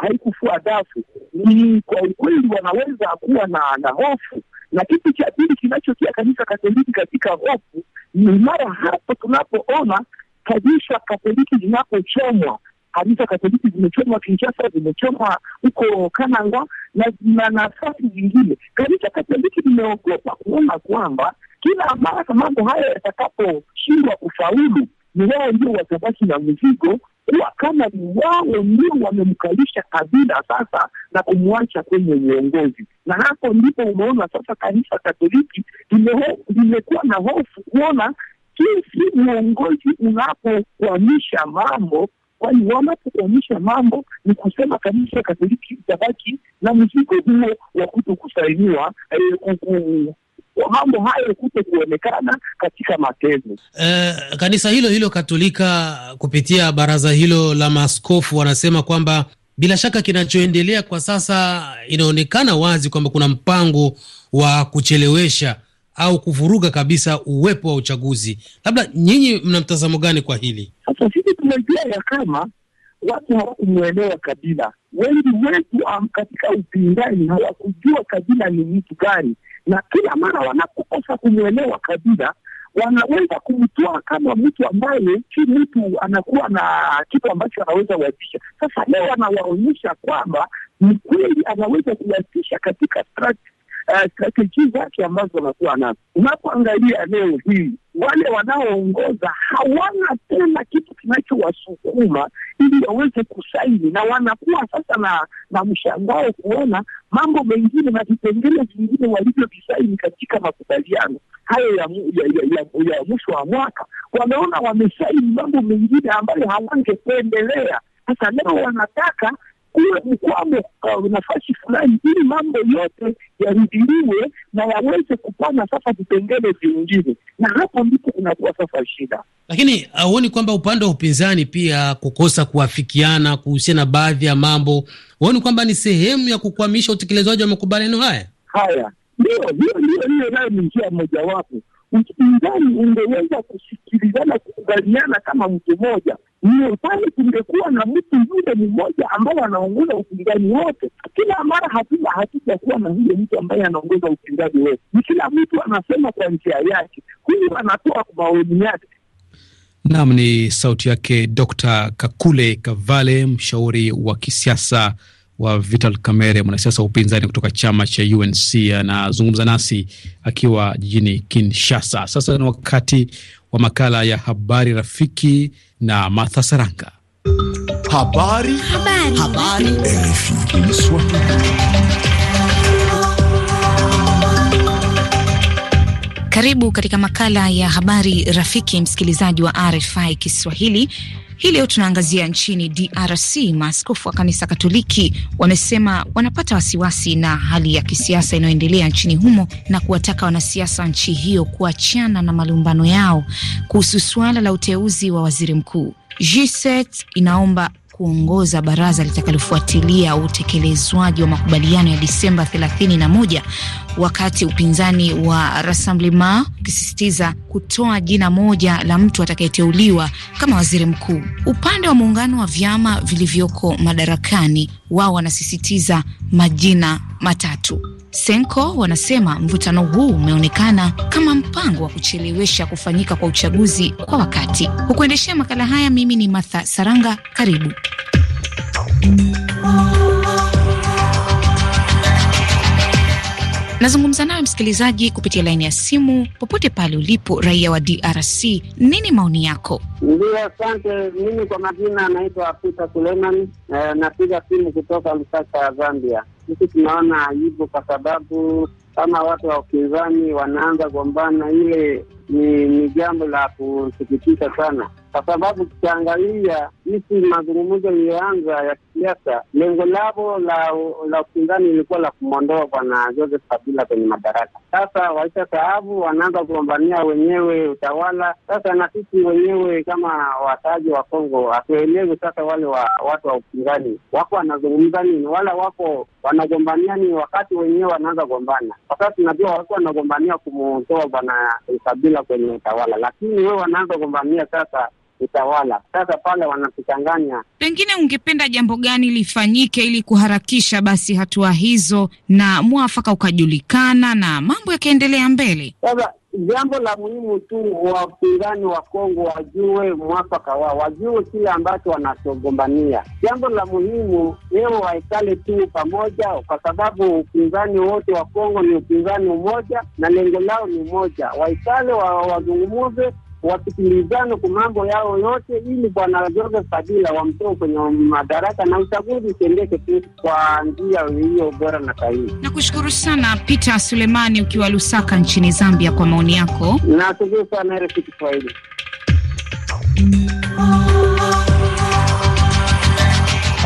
haikufua dafu, ni kwa ukweli wanaweza kuwa na, na hofu na kitu cha pili kinachotia kanisa Katoliki katika hofu ni mara hapo tunapoona kanisa Katoliki zinapochomwa Kanisa Katoliki zimechomwa Kinshasa, zimechomwa huko kanangwa na nafasi zingine. Kanisa Katoliki limeogopa kuona kwamba kila mara mambo haya yatakaposhindwa kufaulu, ni wao ndio watabaki na mizigo kuwa kama ni wao ndio wamemkalisha kabila sasa na kumwacha kwenye uongozi na hapo ndipo umeona sasa kanisa Katoliki limekuwa na hofu kuona jinsi uongozi unapokwamisha mambo, kwani wanapokwamisha mambo ni kusema kanisa Katoliki itabaki na mzigo huo wa kutokusainiwa eh, mambo hayo kuto kuonekana katika matezo Eh, kanisa hilo hilo Katolika kupitia baraza hilo la maaskofu wanasema kwamba bila shaka kinachoendelea kwa sasa, inaonekana wazi kwamba kuna mpango wa kuchelewesha au kuvuruga kabisa uwepo wa uchaguzi. Labda nyinyi mna mtazamo gani kwa hili? Sasa sisi tunajua ya kama watu hawakumwelewa Kabila, wengi wetu um, katika upinzani hawakujua Kabila ni mtu gani, na kila mara wanapokosa kumwelewa Kabila wanaweza kumtoa kama mtu ambaye si mtu anakuwa na kitu ambacho anaweza uatisha. Sasa leo anawaonyesha kwamba ni kweli anaweza kuwatisha katika strati Eh, kakechii zake ambazo wanakuwa nazo. Unapoangalia leo hii wale wanaoongoza hawana tena kitu kinachowasukuma ili waweze kusaini, na wanakuwa sasa na na mshangao kuona mambo mengine na vipengele vingine walivyovisaini katika makubaliano hayo ya, ya, ya, ya, ya mwisho wa mwaka, wanaona wamesaini mambo mengine ambayo hawangependelea. Sasa leo wanataka kuwe mkwamo uh, nafasi fulani, ili mambo yote yarudiliwe na yaweze kupana sasa vipengele vingine, na hapo ndipo kunakuwa sasa shida. Lakini huoni kwamba upande wa upinzani pia kukosa kuafikiana kuhusiana na baadhi ya mambo, huoni kwamba ni sehemu ya kukwamisha utekelezaji wa makubaliano haya? Haya, ndio hiyo, hiyo nayo ni njia mojawapo upinzani ungeweza kusikilizana kukubaliana kama mtu mmoja. niyo pale kungekuwa na mtu yule mmoja ambaye anaongoza upinzani wote. Kila mara hatuja hatujakuwa na yule mtu ambaye anaongoza upinzani wote, ni kila mtu anasema kwa njia yake, huyu anatoa maoni yake. Naam, ni sauti yake Dr. Kakule Kavale, mshauri wa kisiasa wa Vital Kamerhe, mwanasiasa wa upinzani kutoka chama cha UNC, anazungumza nasi akiwa jijini Kinshasa. Sasa ni wakati wa makala ya habari rafiki na Martha Saranga. Habari. Habari. Habari. Habari. Karibu katika makala ya habari rafiki, msikilizaji wa RFI Kiswahili. Hii leo tunaangazia nchini DRC. Maaskofu wa kanisa Katoliki wamesema wanapata wasiwasi na hali ya kisiasa inayoendelea nchini humo na kuwataka wanasiasa wa nchi hiyo kuachana na malumbano yao kuhusu suala la uteuzi wa waziri mkuu. G7 e inaomba kuongoza baraza litakalofuatilia utekelezwaji wa makubaliano ya Disemba 31 wakati upinzani wa Rassemblement ukisisitiza kutoa jina moja la mtu atakayeteuliwa kama waziri mkuu. Upande wa muungano wa vyama vilivyoko madarakani, wao wanasisitiza majina matatu. Senko wanasema mvutano huu umeonekana kama mpango wa kuchelewesha kufanyika kwa uchaguzi kwa wakati. Hukuendeshea makala haya, mimi ni Martha Saranga. Karibu. Nazungumza naye msikilizaji kupitia laini ya simu, popote pale ulipo, raia wa DRC, nini maoni yako? Ndio, asante. Mimi kwa majina anaitwa Pita Suleiman, eh, napiga simu kutoka Lusaka ya Zambia. Sisi tunaona hivyo kwa sababu kama watu wa upinzani wanaanza gombana, ile ni, ni jambo la kusikitisha sana, kwa sababu tukiangalia jinsi mazungumzo iliyoanza ya kisiasa, lengo lao la upinzani ilikuwa la kumwondoa bwana Joseph Kabila kwenye madaraka. Sasa waisha sahabu wanaanza kugombania wenyewe utawala. Sasa na sisi wenyewe kama wataji wa Kongo hatuelewi sasa wale wa, watu wa upinzani wako wanazungumza nini, wala wako wanagombania ni wakati wenyewe wanaanza gombana. Kwa sasa tunajua wako wanagombania kumwondoa bwana Kabila kwenye utawala, lakini wewe wanaanza gombania sasa utawala. Sasa pale wanatuchanganya. Pengine ungependa jambo gani lifanyike ili kuharakisha basi hatua hizo na mwafaka ukajulikana na mambo yakaendelea mbele? Sasa jambo la muhimu tu, wapinzani wa Kongo wajue mwafaka wao, wajue kile ambacho wanachogombania. Jambo la muhimu leo waekale tu pamoja, kwa sababu upinzani wote wa Kongo ni upinzani mmoja na lengo lao ni moja. Waekale wazungumuze wasikilizane kwa mambo yao yote, ili bwana Joseph Kabila wamtoe kwenye madaraka na uchaguzi utendeke tu kwa njia hiyo bora na sahihi. Nakushukuru sana Peter Sulemani ukiwa Lusaka nchini Zambia kwa maoni yako. Nashukuru sana RFI Kiswahili.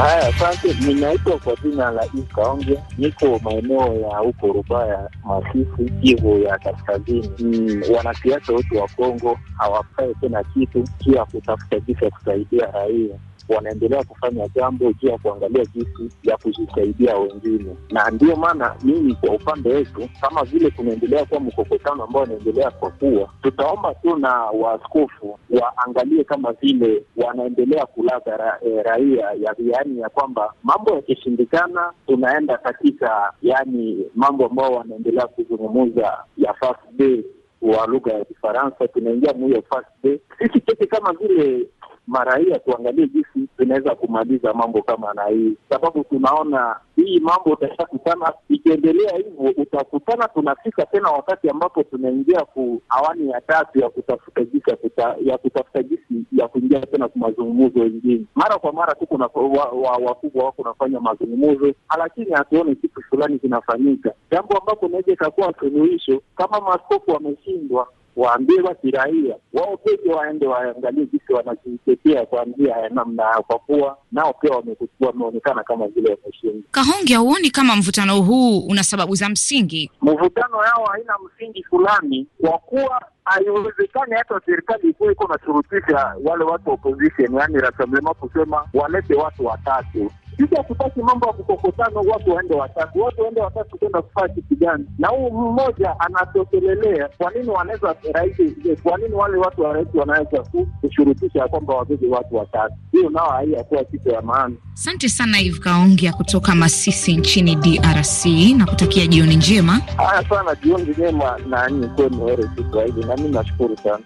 Haya, asante. Ninaitwa kwa jina la Ikaonge, niko maeneo ya huko Rubaya, Masisi, Kivu ya Kaskazini. Mm, wanasiasa wetu wa Kongo hawafai tena kitu kia kutafuta jisi ya kusaidia raia wanaendelea kufanya jambo juu ya kuangalia jinsi ya kujisaidia wengine, na ndiyo maana mimi kwa upande wetu, kama vile kunaendelea kuwa mkokotano ambao wanaendelea kwa kuwa, tutaomba tu na waaskofu waangalie kama vile wanaendelea kulaza ra, e, raia ya yaani ya kwamba mambo yakishindikana, tunaenda katika yani mambo ambao wanaendelea kuzungumuza ya first day wa lugha ya Kifaransa, tunaingia mwiyo first day. Sisi tete kama vile mara hii tuangalie jinsi tunaweza kumaliza mambo kama na hii, sababu tunaona hii mambo utashakutana, ikiendelea hivyo utakutana, tunafika tena wakati ambapo tunaingia ku awani ya tatu ya kutafuta jinsi ya, kuta, ya kutafuta jinsi ya kuingia tena kwa mazungumuzo wengine. Mara kwa mara tu kuna wakubwa wako nafanya mazungumuzo, lakini hatuone kitu fulani kinafanyika, jambo ambapo unaweza ikakuwa suluhisho kama maskofu wameshindwa waambie basi raia wao peke waende waangalie jinsi wanajitetea kwa njia ya namna yao, kwa kuwa nao pia wameonekana kama vile wameshinda. Kahongi, hauoni kama mvutano huu una sababu za msingi? Mvutano yao haina msingi fulani, kwa kuwa haiwezekani hata serikali ikuwa iko nashurutisha wale watu wa opposition, yaani Rassemblement, kusema walete watu watatu sisi hatutaki mambo ya kukokotana, watu waende watatu, watu waende watatu kwenda kufaa kitu gani? Na huu mmoja anatokelelea. Kwa nini wanaweza rahisi? Kwa nini wale watu wa rais wanaweza kushurutisha kwamba wabebe watu watatu? Hiyo nao haiyakuwa kitu ya maana. Asante sana Ive Kaongia kutoka Masisi nchini DRC na kutakia jioni njema. Haya sana, jioni njema na nyi kwenu, ere Kiswahili na nashukuru sana.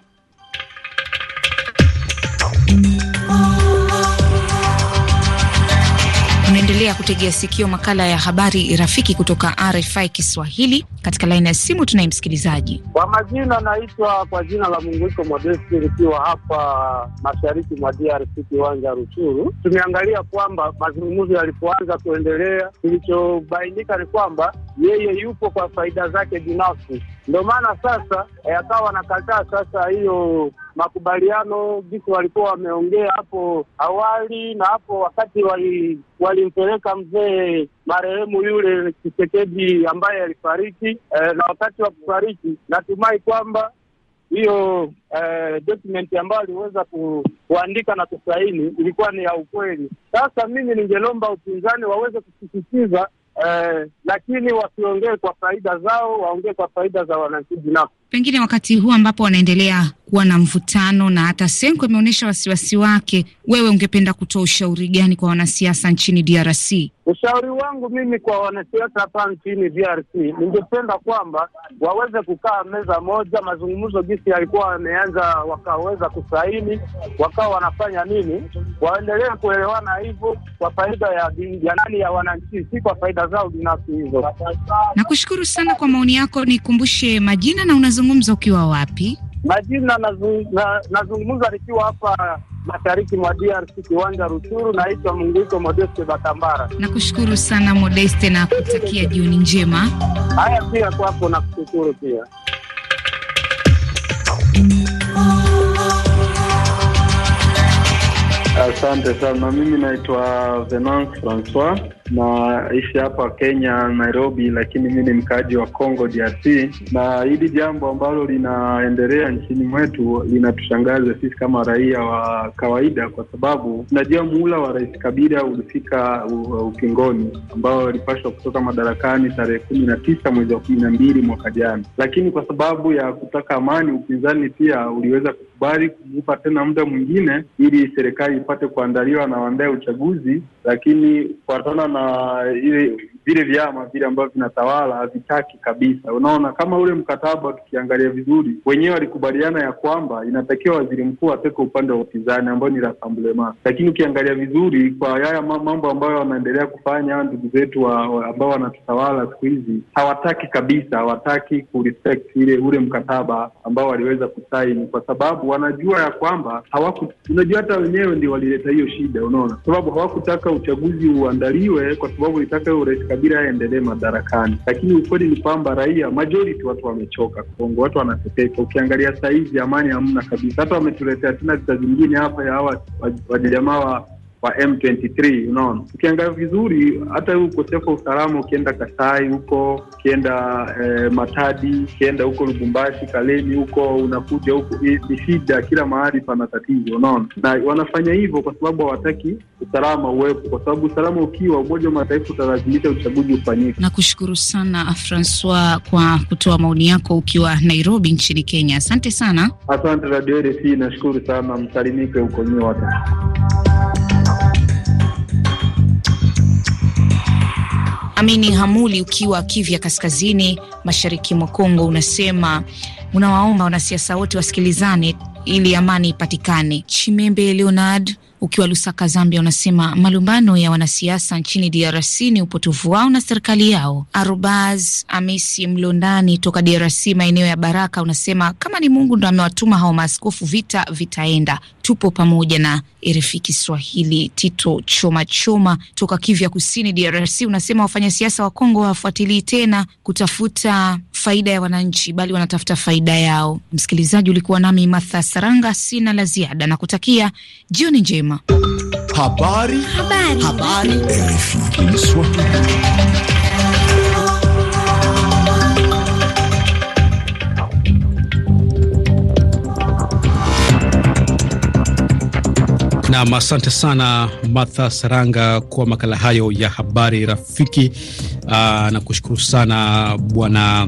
Unaendelea kutegea sikio makala ya habari rafiki kutoka RFI Kiswahili. Katika laini ya simu tunaye msikilizaji. Kwa majina naitwa kwa jina la Munguiko Modesti, nikiwa hapa mashariki mwa DRC, kiwanja rushuru Tumeangalia kwamba mazungumzo yalipoanza kuendelea, kilichobainika ni kwamba yeye yupo kwa faida zake binafsi ndio maana sasa yakawa eh, wanakataa sasa hiyo makubaliano jisi walikuwa wameongea hapo awali na hapo wakati wali walimpeleka mzee marehemu yule Kisekedi ambaye alifariki e, na wakati wa kufariki, natumai kwamba hiyo eh, dokumenti ambayo aliweza ku, kuandika na kusaini ilikuwa ni ya ukweli. Sasa mimi ningelomba upinzani waweze kusisitiza eh, lakini wasiongee kwa faida zao, waongee kwa faida za wananchi binafsi pengine wakati huu ambapo wanaendelea kuwa na mvutano na hata Senko imeonyesha wasiwasi wake, wewe ungependa kutoa ushauri gani kwa wanasiasa nchini DRC? Ushauri wangu mimi kwa wanasiasa hapa nchini DRC, ningependa kwamba waweze kukaa meza moja, mazungumzo jinsi yalikuwa wameanza, wakaweza kusaini, wakawa wanafanya nini, waendelee kuelewana hivyo kwa faida ya, ya nani ya wananchi, si kwa faida zao binafsi hizo. Nakushukuru sana kwa maoni yako, nikumbushe majina na una unazungumza ukiwa wapi? Majina nazungumza nikiwa hapa mashariki mwa DRC kiwanja rushuru naitwa Munguiko Modeste Batambara. Nakushukuru sana Modeste na kutakia jioni njema. Haya, pia kwako nakushukuru pia. Asante sana. Mimi naitwa Venance Francois naishi hapa Kenya, Nairobi, lakini mi ni mkaaji wa Congo DRC, na hili jambo ambalo linaendelea nchini mwetu linatushangaza sisi kama raia wa kawaida, kwa sababu tunajua muhula wa Rais Kabila ulifika ukingoni, ambao alipashwa kutoka madarakani tarehe kumi na tisa mwezi wa kumi na mbili mwaka jana, lakini kwa sababu ya kutaka amani, upinzani pia uliweza kukubali kumupa tena muda mwingine ili serikali ipate kuandaliwa na waandae uchaguzi, lakini kufuatana 呃，因为。vile vyama vile ambavyo vinatawala havitaki kabisa. Unaona, kama ule mkataba tukiangalia vizuri, wenyewe walikubaliana ya kwamba inatakiwa waziri mkuu atoke upande wa upinzani ambayo ni Rassemblement, lakini ukiangalia vizuri kwa haya mambo ambayo wanaendelea kufanya hawa ndugu zetu wa, wa, ambao wanatutawala siku hizi hawataki kabisa, hawataki kurespect ile ule mkataba ambao waliweza kusaini, kwa sababu wanajua ya kwamba hawaku, unajua hata wenyewe ndio walileta hiyo shida, unaona, kwa sababu hawakutaka uchaguzi uandaliwe, kwa sababu ulitaka Kabila aendelee madarakani, lakini ukweli ni kwamba raia majority watu wamechoka Kongo, watu wanateseka. Ukiangalia sahizi amani hamna kabisa. Hata wametuletea tena vita zingine hapa ya hawa wajamaa wa wa M23. Unaona, ukiangalia vizuri hata huu ukosefu wa usalama, ukienda Kasai huko, ukienda eh, Matadi, ukienda huko Lubumbashi, Kalemi huko, unakuja huko, ni shida, kila mahali pana tatizo, unaona. Na wanafanya hivyo kwa sababu hawataki usalama uwepo, kwa sababu usalama ukiwa, Umoja wa Mataifa utalazimisha uchaguzi ufanyike. Nakushukuru sana Francois kwa kutoa maoni yako ukiwa Nairobi nchini Kenya. Asante sana. Asante Radio RFI, nashukuru sana, msalimike huko nyote. Amini Hamuli ukiwa Kivya kaskazini mashariki mwa Kongo unasema unawaomba wanasiasa wote wasikilizane ili amani ipatikane. Chimembe Leonard ukiwa Lusaka, Zambia, unasema malumbano ya wanasiasa nchini DRC ni upotovu wao na serikali yao. Arubaz Amisi Mlondani toka DRC, maeneo ya Baraka, unasema kama ni Mungu ndo amewatuma hao maaskofu, vita vitaenda. Tupo pamoja na RFI Kiswahili. Tito Choma Choma toka Kivya Kusini, DRC, unasema wafanyasiasa wa Kongo hawafuatilii tena kutafuta faida ya wananchi, bali wanatafuta faida yao. Msikilizaji, ulikuwa nami matha Saranga, sina la ziada na kutakia jioni njema. Habari. Habari. Habari. Nam, asante sana Martha Saranga kwa makala hayo ya habari rafiki. Aa, ah, na kushukuru sana bwana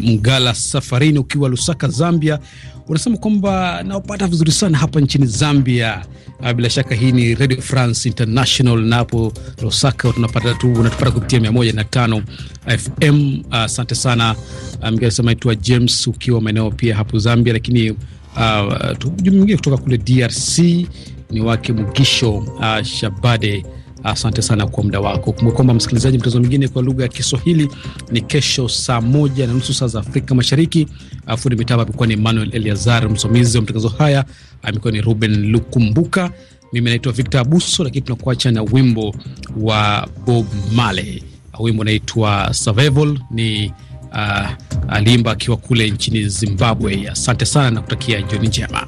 Mgala Safarini ukiwa Lusaka, Zambia, unasema kwamba naopata vizuri sana hapa nchini Zambia. Ah, bila shaka hii ni Radio France International na hapo Lusaka tunapata tu, unatupata kupitia 105 FM. Asante uh, sana ah, mgeni um, sema James, ukiwa maeneo pia hapo Zambia, lakini uh, ah, mwingine kutoka kule DRC ni wake Mugisho uh, Shabade Asante sana kwa muda wako. Kumbuka kwamba msikilizaji, mtazo mwingine kwa lugha ya Kiswahili ni kesho saa moja na nusu saa za Afrika Mashariki. Fundi mitaba amekuwa ni Emmanuel Eliazar, msimamizi wa matangazo haya amekuwa ni Ruben Lukumbuka, mimi naitwa Victor Abuso, lakini tunakuacha na wimbo wa Bob Marley. Wimbo unaitwa Survival, ni uh, aliimba akiwa kule nchini Zimbabwe. Asante sana na kutakia jioni njema.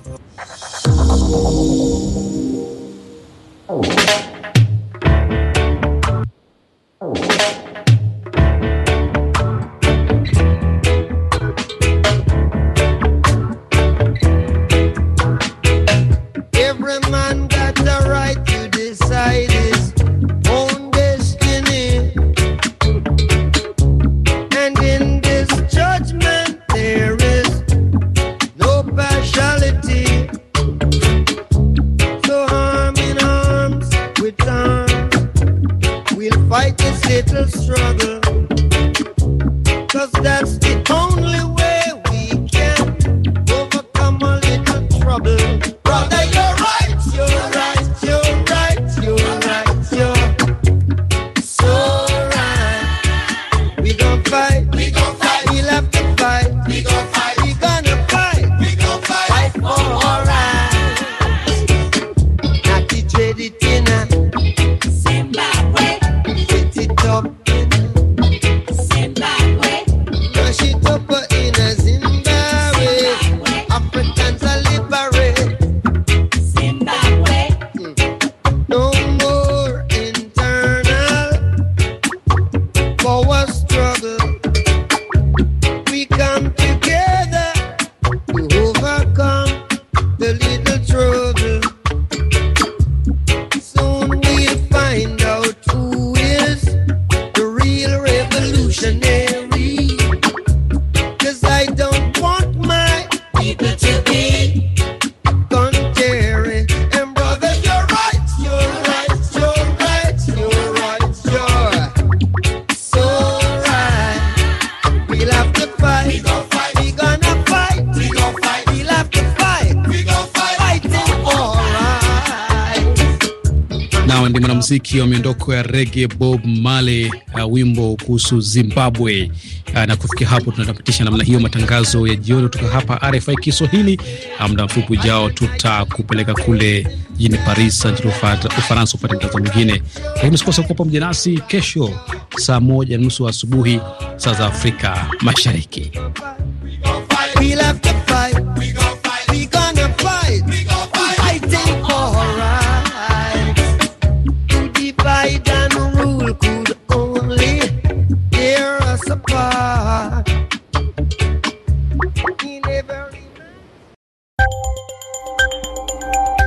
yako ya rege Bob male uh, wimbo kuhusu Zimbabwe. Uh, na kufikia hapo tunatamatisha namna hiyo matangazo ya jioni kutoka hapa RFI Kiswahili. Uh, muda mfupi ujao tutakupeleka kule jijini Paris nchini Ufaransa upate mtazo mwingine, lakini usikose kuwa pamoja nasi kesho saa moja nusu asubuhi saa za Afrika Mashariki.